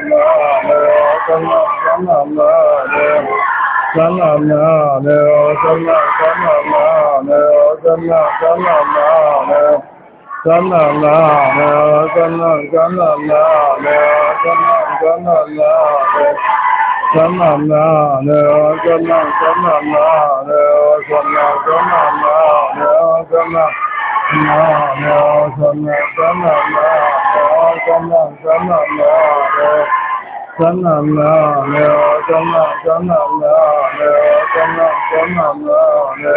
ma ne wa sana sana သမ္မာလာမေသမ္မာသမ္မာလာမေသမ္မာသမ္မာလာမေသမ္မာလာမေသမ္မာသမ္မာလာမေသမ္မာသမ္မာလာမေသမ္မာနာမေသမ္မာသမ္မာလာမေသမ္မာသမ္မာလာမေသမ္မာနာမေသမ္မာသမ္မာလာမေသမ္မာသမ္မာလာမေ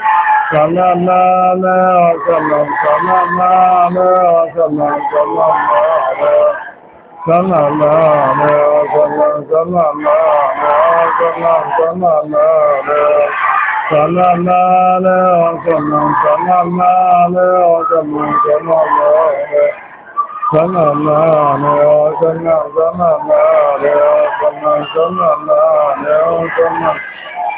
သမ္မာနာနာသမ္မာသမ္မာနာနာသမ္မာသမ္မာနာနာသမ္မာနာနာသမ္မာသမ္မာနာနာသမ္မာသမ္မာနာနာသမ္မာနာနာသမ္မာသမ္မာနာနာသမ္မာသမ္မာနာနာသမ္မာနာနာသမ္မာသမ္မာနာနာသမ္မာသမ္မာနာနာသမ္မာ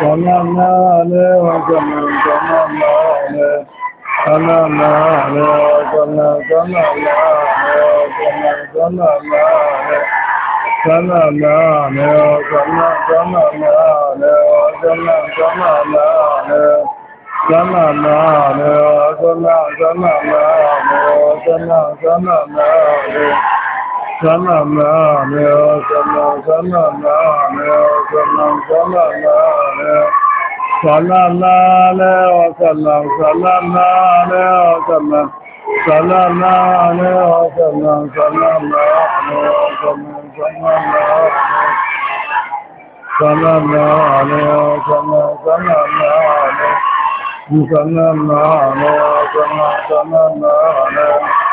Sanàlá rẹ̀, ọjọ́lá, sanàlá rẹ̀, ọjọ́lá, sanàlá rẹ̀, sanàlá rẹ̀, ọjọ́lá, sanàlá rẹ̀, ọjọ́lá, sanàlá rẹ̀, ọjọ́lá, sanàlá rẹ̀, ọjọ́lá, sanàlá rẹ̀, ọjọ́lá, sanàlá rẹ̀, ọjọ́lá, sanàlá sana na ne sana sana na ne sana sana na ne sana na ne sana sana na ne sana sana na ne sana sana na ne sana sana na na ne sana na ne sana na ne na ne sana na ne na ne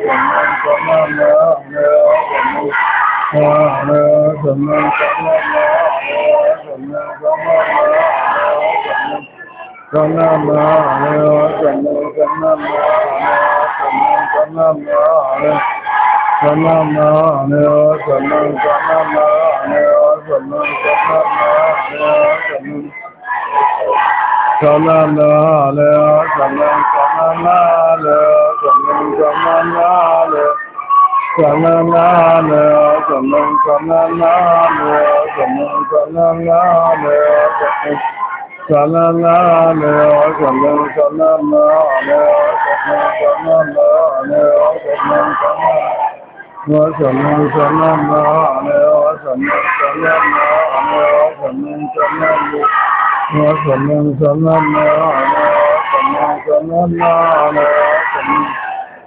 Come on, come on, Wọ́n sọ̀rọ̀ ń sọ̀rọ̀ náà náà, ọ̀sọ̀rọ̀ ń sọ̀rọ̀ náà náà, ọ̀sọ̀rọ̀ ń sọ̀rọ̀ náà náà, ọ̀sọ̀rọ̀ ń sọ̀rọ̀ náà náà, ọ̀sọ̀rọ̀ ń sọ̀rọ̀ náà náà, ọ̀sọ̀rọ̀ ń sọ̀rọ̀ náà náà, ọ̀sọ̀rọ̀ ń sọ̀rọ̀ náà náà, ọ̀sọ̀rọ̀ ń sọ̀rọ̀ náà náà, ọ̀sọ̀rọ̀ ń sọ̀rọ̀ náà náà, ọ̀sọ̀rọ̀ ń sọ̀rọ̀ náà náà, ọ̀sọ̀rọ̀ ń sọ̀rọ̀ náà náà, ọ̀sọ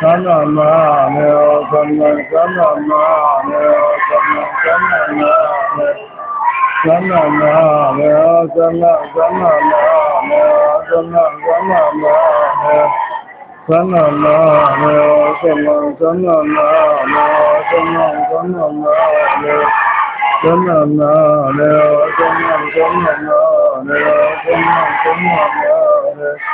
sana ma ne o sannan sana ma ne o sannan sana ma ne sana ma ne o sannan sana ma ne o sannan sana ma ne sana ma ne o sannan sana ma ne o sannan sana ma ne sana ma ne o sannan sana ma ne o sannan sana ma ne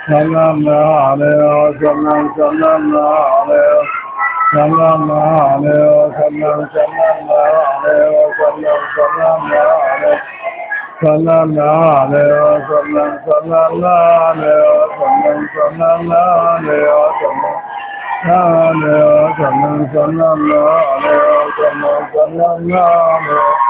Sallallahu alaihi wa sallam sallallahu alaihi na sallam sallallahu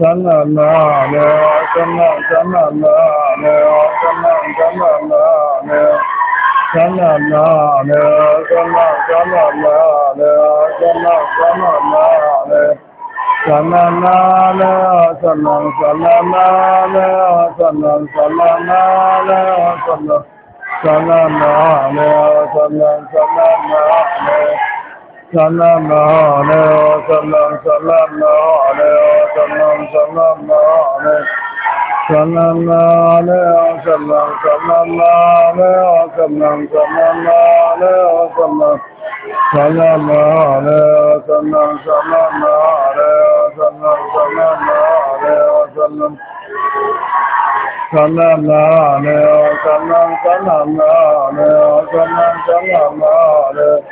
သမ္မာနာမေသမ္မာသမ္မာနာမေသမ္မာသမ္မာနာမေသမ္မာနာမေသမ္မာသမ္မာနာမေသမ္မာသမ္မာနာမေသမ္မာနာမေသမ္မာသမ္မာနာမေသမ္မာသမ္မာနာမေသမ္မာသမ္မာနာမေသမ္မာသမ္မာနာမေဆလမောလေဆလမ်ဆလမောလေဆလမ်ဆလမောလေဆလမောလေဆလမ်ဆလမောလေဆလမ်ဆလမောလေဆလမ်ဆလမောလေဆလမ်ဆလမောလေဆလမ်ဆလမောလေဆလမ်သနနာနေသနံသနနာနေသနံသနနာနေ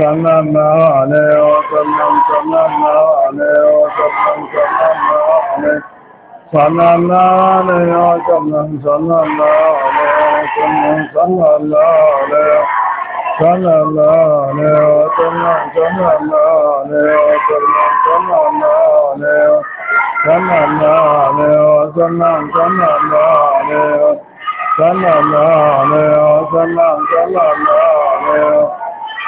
သမ္မာမောအလေဝသမ္မာသမ္မာမောအလေဝသမ္မာသမ္မာမောအလေသမ္မာမောအလေဝသမ္မာသမ္မာမောအလေသမ္မာသမ္မာမောအလေသမ္မာမောအလေသမ္မာသမ္မာမောအလေသမ္မာသမ္မာမောအလေသမ္မာမောအလေသမ္မာသမ္မာမောအလေသမ္မာမောအလေသမ္မာသမ္မာမောအလေ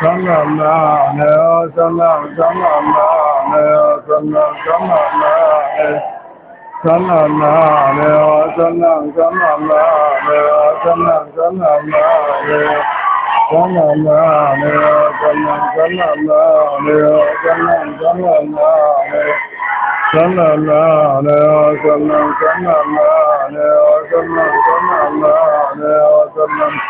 Sana na ne wa a sana na ne wa sana sana na ne sana na ne wa sana na ne wa na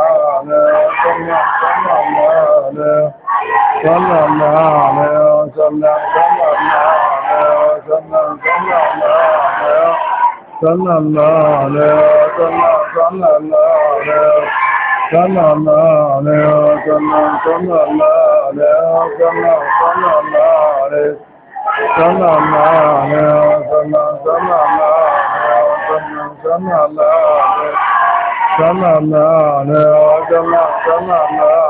သမ္မာနာမေယောသမ္မာသမ္မာနာမေယောသမ္မာသမ္မာနာမေယောသမ္မာနာမေယောသမ္မာသမ္မာနာမေယောသမ္မာနာမေယောသမ္မာသမ္မာနာမေယောသမ္မာသမ္မာနာမေယောသမ္မာနာမေယောသမ္မာသမ္မာနာမေယောသမ္မာသမ္မာနာမေယောသမ္မာနာမေယောသမ္မာသမ္မာနာ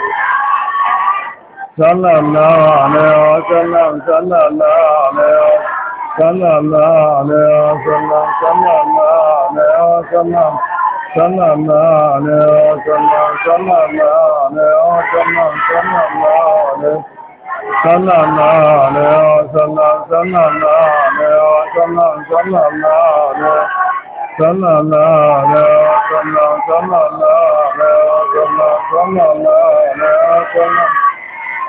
sallallahu na, wa sallam sallallahu na, wa sallallahu alaihi wa sallam sallallahu alaihi wa sallam sallallahu alaihi wa sallam sallallahu alaihi wa sallam sallallahu alaihi sallallahu alaihi wa sallam sallallahu alaihi wa sallam sallallahu alaihi wa sallallahu alaihi wa sallam sallallahu alaihi wa sallam sallallahu alaihi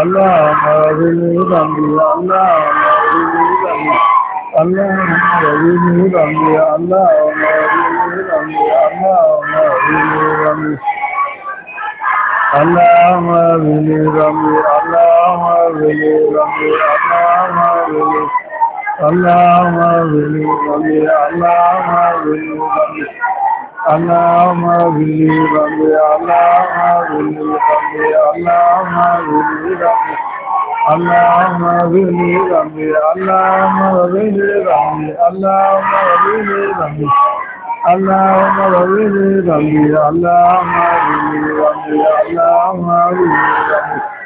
اللهم اغفر لي ذنبي اللهم اغفر لي ذنبي اللهم اغفر لي ذنبي اللهم اغفر لي ذنبي اللهم اغفر لي ذنبي اللهم اغفر لي ذنبي اللهم اغفر لي ذنبي اللهم اغفر لي اللهم اغفر لي ذنبي اللهم اغفر لي ذنبي اللهم اغفر لي ذنبي اللهم اغفر لي ذنبي اللهم اغفر لي ذنبي اللهم اغفر لي ذنبي اللهم اغفر لي ذنبي اللهم اغفر لي ذنبي اللهم اغفر لي ذنبي اللهم اغفر لي ذنبي اللهم اغفر لي ذنبي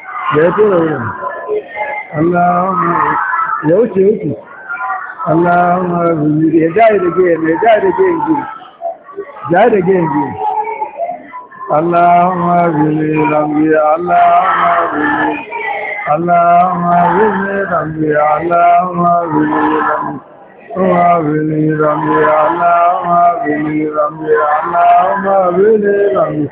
da ya tura wurin Allahumma ya wuce wuce ya jaye da gayen ya jaye da gayen gini jaye da gayen gini Allahumma rabbi rabbi Allahumma rabbi Allahumma rabbi rabbi Allahumma rabbi rabbi Allahumma rabbi rabbi Allahumma rabbi rabbi Allahumma rabbi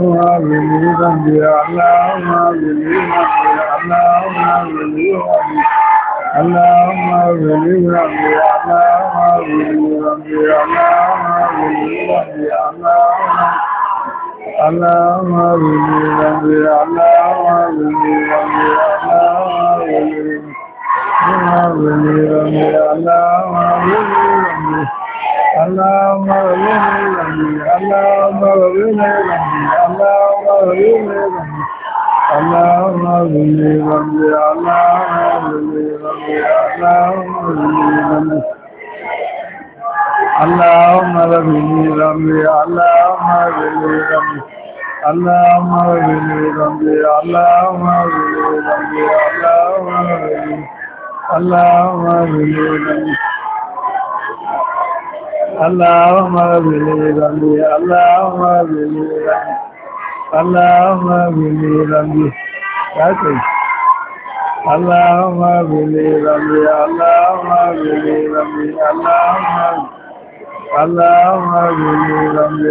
اللهم بلي ذنبي اللهم بلي ذنبي اللهم بلي ذنبي اللهم بلي ذنبي اللهم بلي ذنبي اللهم بلي ذنبي اللهم اللهم بني ربي اللهم بني ربي اللهم بني ربي اللهم بني ربي اللهم اغفر لي ذنبي اللهم اغفر لي ذنبي اللهم اغفر لي ذنبي اللهم اغفر لي ذنبي اللهم اغفر لي ذنبي اللهم اغفر لي ذنبي اللهم اغفر لي ذنبي اللهم اغفر لي ذنبي اللهم اغفر لي ذنبي اللهم اغفر لي ذنبي اللهم اغفر لي اللهم اغفر لي ذنبي Allahumma bili rabbi Allahumma bili rabbi Allahumma bili rabbi Allahumma Allahumma bili rabbi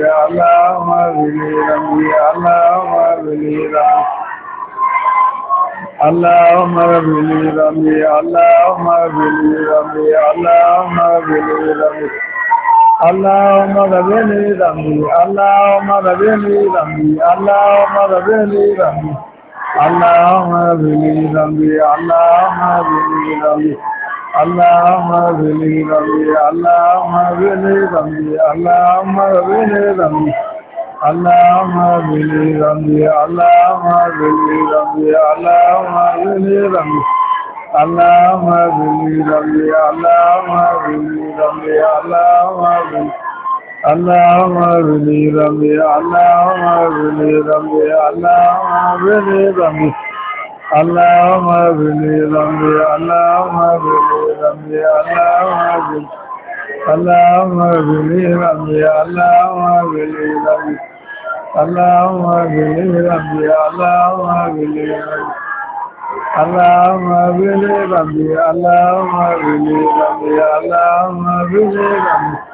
Allahumma bili rabbi Allahumma bili rabbi Allahumma bili rabbi Allahumma bili rabbi Allahumma bili rabbi Allahumma bili rabbi Allahumma rabbini dhambi Allahumma rabbini dhambi Allahumma rabbini dhambi Allahumma rabbini dhambi Allahumma rabbini dhambi Allahumma rabbini dhambi Allahumma rabbini dhambi Allahumma rabbini dhambi اللهم ابني ذنبي اللهم ابني ذنبي اللهم ابني ذنبي اللهم ابني ذنبي اللهم ابني ذنبي اللهم ابني اللهم ابني ذنبي اللهم ابني ذنبي اللهم ابني ذنبي اللهم ابني ذنبي اللهم ابني ذنبي اللهم ابني ذنبي اللهم ابني ذنبي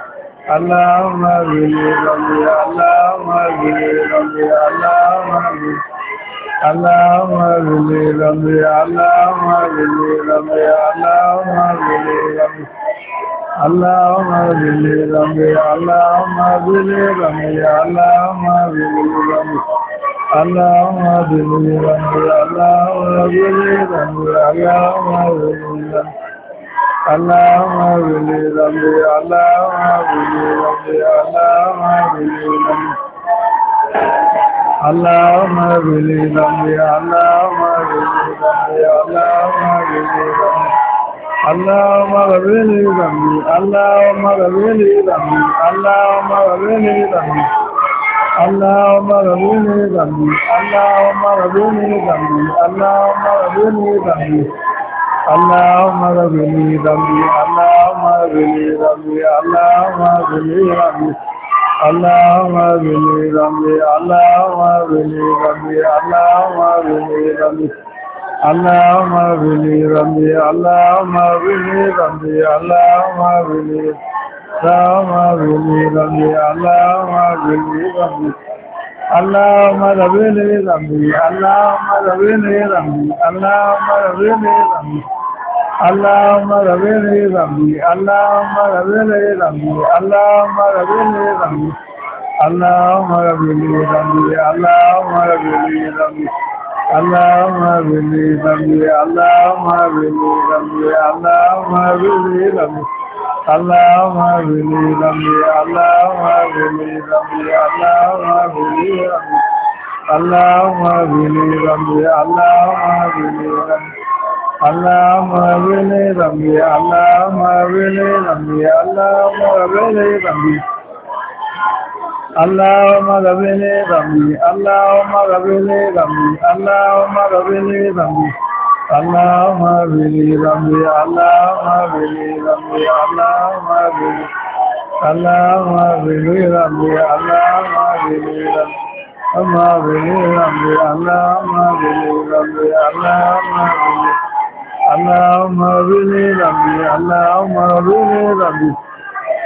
Aláhùnmá rí rọ̀lẹ̀, aláhùnmá rí rọ̀lẹ̀, aláhùnmá rí Aláhùnmá rí rọ̀lẹ̀, aláhùnmá rí rọ̀lẹ̀, aláhùnmá rí rọ̀lẹ̀. Aláhùnmá rí rọ̀lẹ̀, aláhùnmá rí rọ̀lẹ̀, aláhùnmá rí rọ̀lẹ̀. Aláhùnmá اللهم بني ذنبي اللهم بني ذنبي اللهم بني ذنبي اللهم بني ذنبي اللهم بني ذنبي اللهم بني ذنبي اللهم غفرني ذنبي اللهم غفرني ذنبي اللهم غفرني ذنبي اللهم غفرني ذنبي اللهم غفرني ذنبي اللهم غفرني ذنبي اللهم اغفر لي ذنبي اللهم اغفر لي ذنبي اللهم اغفر لي ذنبي اللهم اغفر لي ذنبي اللهم اغفر لي ذنبي اللهم اغفر لي ذنبي اللهم اغفر لي ذنبي اللهم اغفر لي ذنبي اللهم اغفر لي اللهم اغفر لي ذنبي اللهم اغفر لي ذنبي Allahumma rabbina ya rabbi Allahumma rabbina ya rabbi Allahumma rabbina ya rabbi Allahumma rabbina rabbi Allahumma rabbina rabbi Allahumma rabbina rabbi Allahumma rabbina rabbi Allahumma rabbina rabbi Allahumma rabbina rabbi Allahumma rabbina rabbi Allahumma rabbina rabbi اللهم اغفر لي ذنبي اللهم اغفر لي ذنبي اللهم اغفر لي ذنبي اللهم اغفر لي ذنبي اللهم اغفر لي ذنبي اللهم اغفر لي ذنبي اللهم اغفر لي ذنبي اللهم اغفر لي ذنبي اللهم اغفر لي ذنبي اللهم اغفر لي ذنبي اللهم اغفر لي ذنبي Aláàmà bèèrè ìrànbí, aláàmà bèèrè ìrànbí, aláàmà bèèrè aláàmà bèèrè ìrànbí, aláàmà bèèrè ìrànbí, ọmọ bèèrè ìrànbí, aláàmà bèèrè ìrànbí, aláàmà bèèrè aláàmà bèèrè ìrànbí, aláàmà bèèrè ìrànbí,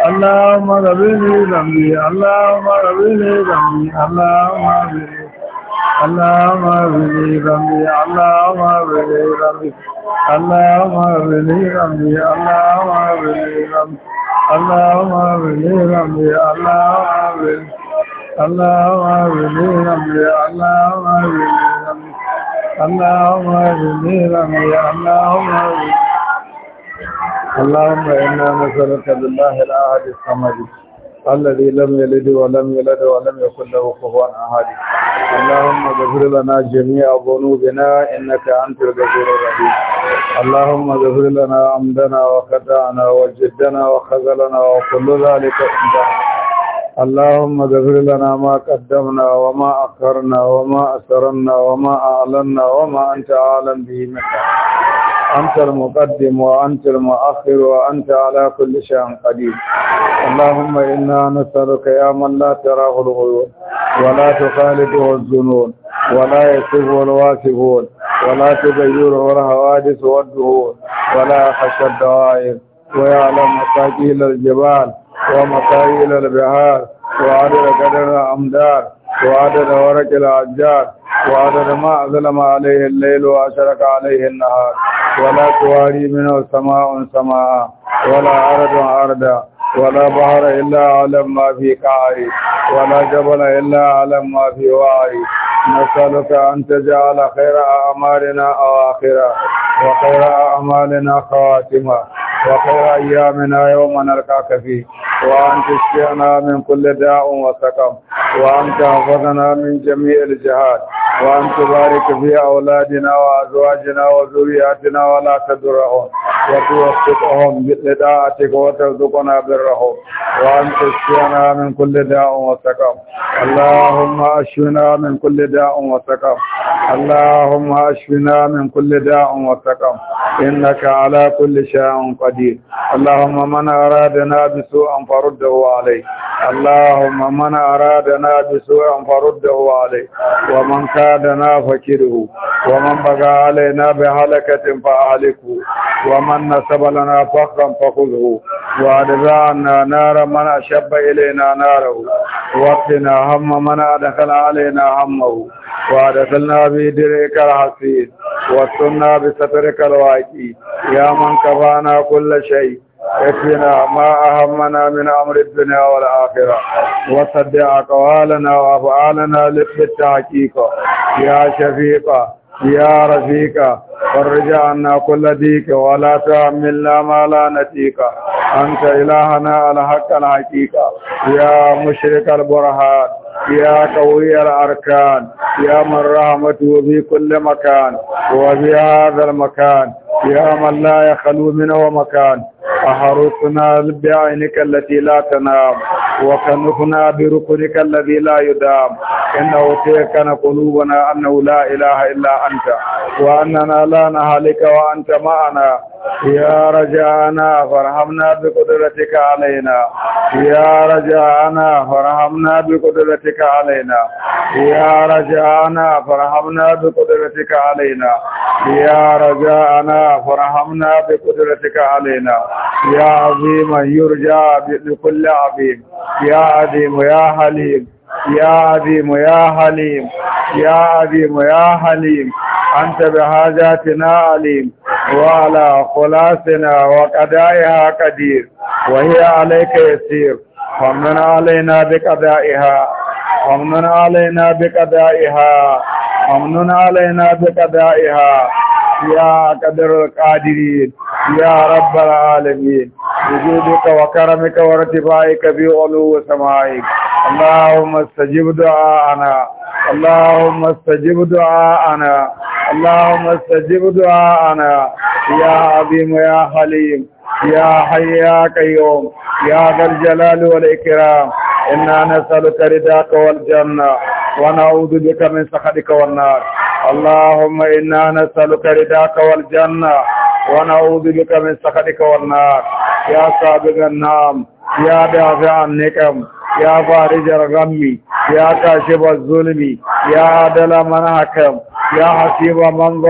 aláàmà bèèrè ìrànbí, aláàmà bèèrè ìrànbí, aláàmà bèèrè ìrànbí, aláàmà Allahumma bini rabbi Allahumma bini rabbi Allahumma bini rabbi Allahumma الذي لم يلد ولم يلد ولم يكن له كفوا احد اللهم اغفر لنا جميع ذنوبنا انك انت الغفور الرحيم اللهم اغفر لنا عمدنا وخدعنا وجدنا وخذلنا وكل ذلك عندنا اللهم اغفر لنا ما قدمنا وما أخرنا وما أسررنا وما أعلنا وما أنت أعلم به منا أنت المقدم وأنت المؤخر وأنت على كل شيء قدير اللهم إنا نسألك يا من لا تراه الغيوب ولا تخالفه الظنون ولا يصفه الواسفون ولا تغيره الحوادث والدهور ولا يخشى الدوائر ويعلم ثقيل الجبال ومقاييل البحار وعدد قدر الأمدار وعدد ورق الأشجار وعدد ما أظلم عليه الليل وأشرق عليه النهار ولا تواري منه سماء سماء ولا أرض أرضا ولا بحر إلا أعلم ما في قعري ولا جبل إلا أعلم ما في وعري نسألك أن تجعل خير أعمالنا أواخرا وخير أعمالنا خواتما وخير أيامنا يوم نلقاك فيه وأن تشفينا من كل داء وسقم وأن تحفظنا من جميع الجهات وأن تبارك في أولادنا وأزواجنا وذرياتنا ولا تدرهم وتوفقهم بطاعتك وترزقنا برهم وأن تشفينا من كل داء وسقم اللهم أشفنا من كل داء وسقم اللهم أشفنا من كل داء وسقم إنك على كل شيء قدير اللهم من أرادنا بسوء فرده عليه اللهم من أرادنا بسوء فرده عليه ومن كادنا فكره ومن بقى علينا بهلكة فأهلكه ومن anna sabalana faqran faqulhu wa adzana nara man ashabba ilayna narahu wa qina hamma man adkhala alayna hammahu wa adkhalna bi dirikal hasid wa sunna bi satrikal waqi ya man kabana kull shay اكفنا ما اهمنا من امر الدنيا والاخره وصدع اقوالنا وافعالنا للتحقيق يا شفيقه يا رفيقا فرج عنا كل ديك ولا تحملنا ما لا نتيك أنت إلهنا على حق الحقيقة يا مشرك البرهان يا قوي الأركان يا من رحمته في كل مكان وفي هذا المكان يا من لا يخلو منه مكان أحرصنا بعينك التي لا تنام وكنفنا بركنك الذي لا يدام إنه تيكن قلوبنا أنه لا إله إلا أنت وأننا لا نهلك وأنت معنا يا رجعنا فرحمنا بقدرتك علينا يا رجعنا فرحمنا بقدرتك علينا يا رجعنا فرحمنا بقدرتك علينا يا رجعنا فرحمنا بقدرتك علينا يا عظيم يرجى بكل عظيم يا عظيم يا حليم ya azimu ya halim ya azimu ya halim anta bihajatina alim wa ala khulasina wa qada'iha qadir wa hiya alayka yasir ومن علينا بقضائها ومن علينا بقضائها ومن علينا بقضائها يا قدر القادرين يا رب العالمين بجودك وكرمك وارتفاعك علو سمائك اللهم استجب دعاءنا اللهم استجب دعاءنا اللهم استجب دعاءنا يا عظيم يا حليم يا حي يا قيوم يا ذا الجلال والإكرام إنا نسألك رداك والجنة ونعوذ بك من سخطك والنار اللهم إنا نسألك رداك والجنة ونعوذ بك من سخطك والنار يا سابق النعم يا دافع النكم ya farijar mi. ya ba zulmi ya adala man hakam ya hasiba man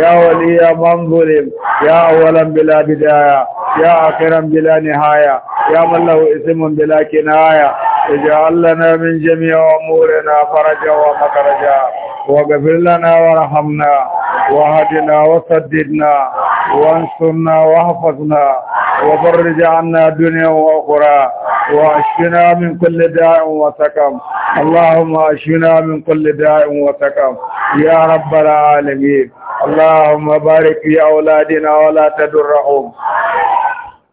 ya waliya man zulim ya awalan bila bidaya ya akiran bila nihaya ya mallahu ismun bila kinaya اجعل لنا من جميع امورنا wa ومخرجا واغفر لنا وارحمنا وهدنا وسددنا وانصرنا واحفظنا وفرج عنا دنيا واخرى واشفنا من كل داء وسقم اللهم اشفنا من كل داء وسقم يا رب العالمين اللهم بارك في اولادنا ولا تدرهم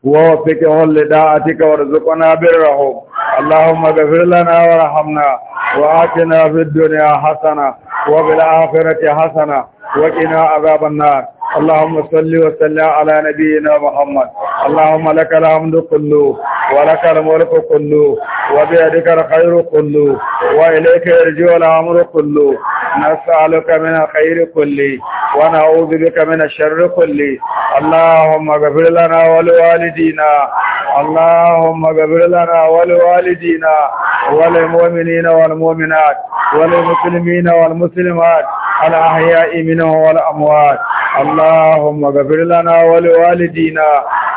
ووفقهم لداعتك ورزقنا برهم اللهم اغفر لنا وارحمنا وآتنا في الدنيا حسنة وفي الآخرة حسنة وقنا عذاب النار اللهم صل وسلم على نبينا محمد اللهم لك الحمد كله ولك الملك كله وبيدك الخير كله وإليك يرجع الأمر كله نسألك من الخير كله ونعوذ بك من الشر كله اللهم اغفر لنا ولوالدينا اللهم اغفر لنا ولوالدينا وللمؤمنين والمؤمنات وللمسلمين والمسلمات الأحياء منهم والأموات الله اللهم اغفر لنا ولوالدينا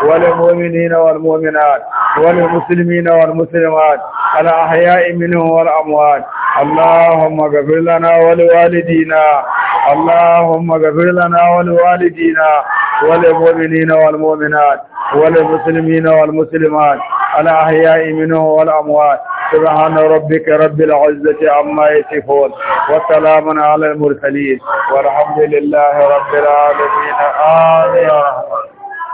وللمؤمنين والمؤمنات وللمسلمين والمسلمات الأحياء منهم والأموات اللهم اغفر لنا ولوالدينا اللهم اغفر لنا ولوالدينا وللمؤمنين والمؤمنات وللمسلمين والمسلمات الأحياء منه والأموات سبحان ربك رب العزة عما يصفون وسلام على المرسلين والحمد لله رب العالمين آمين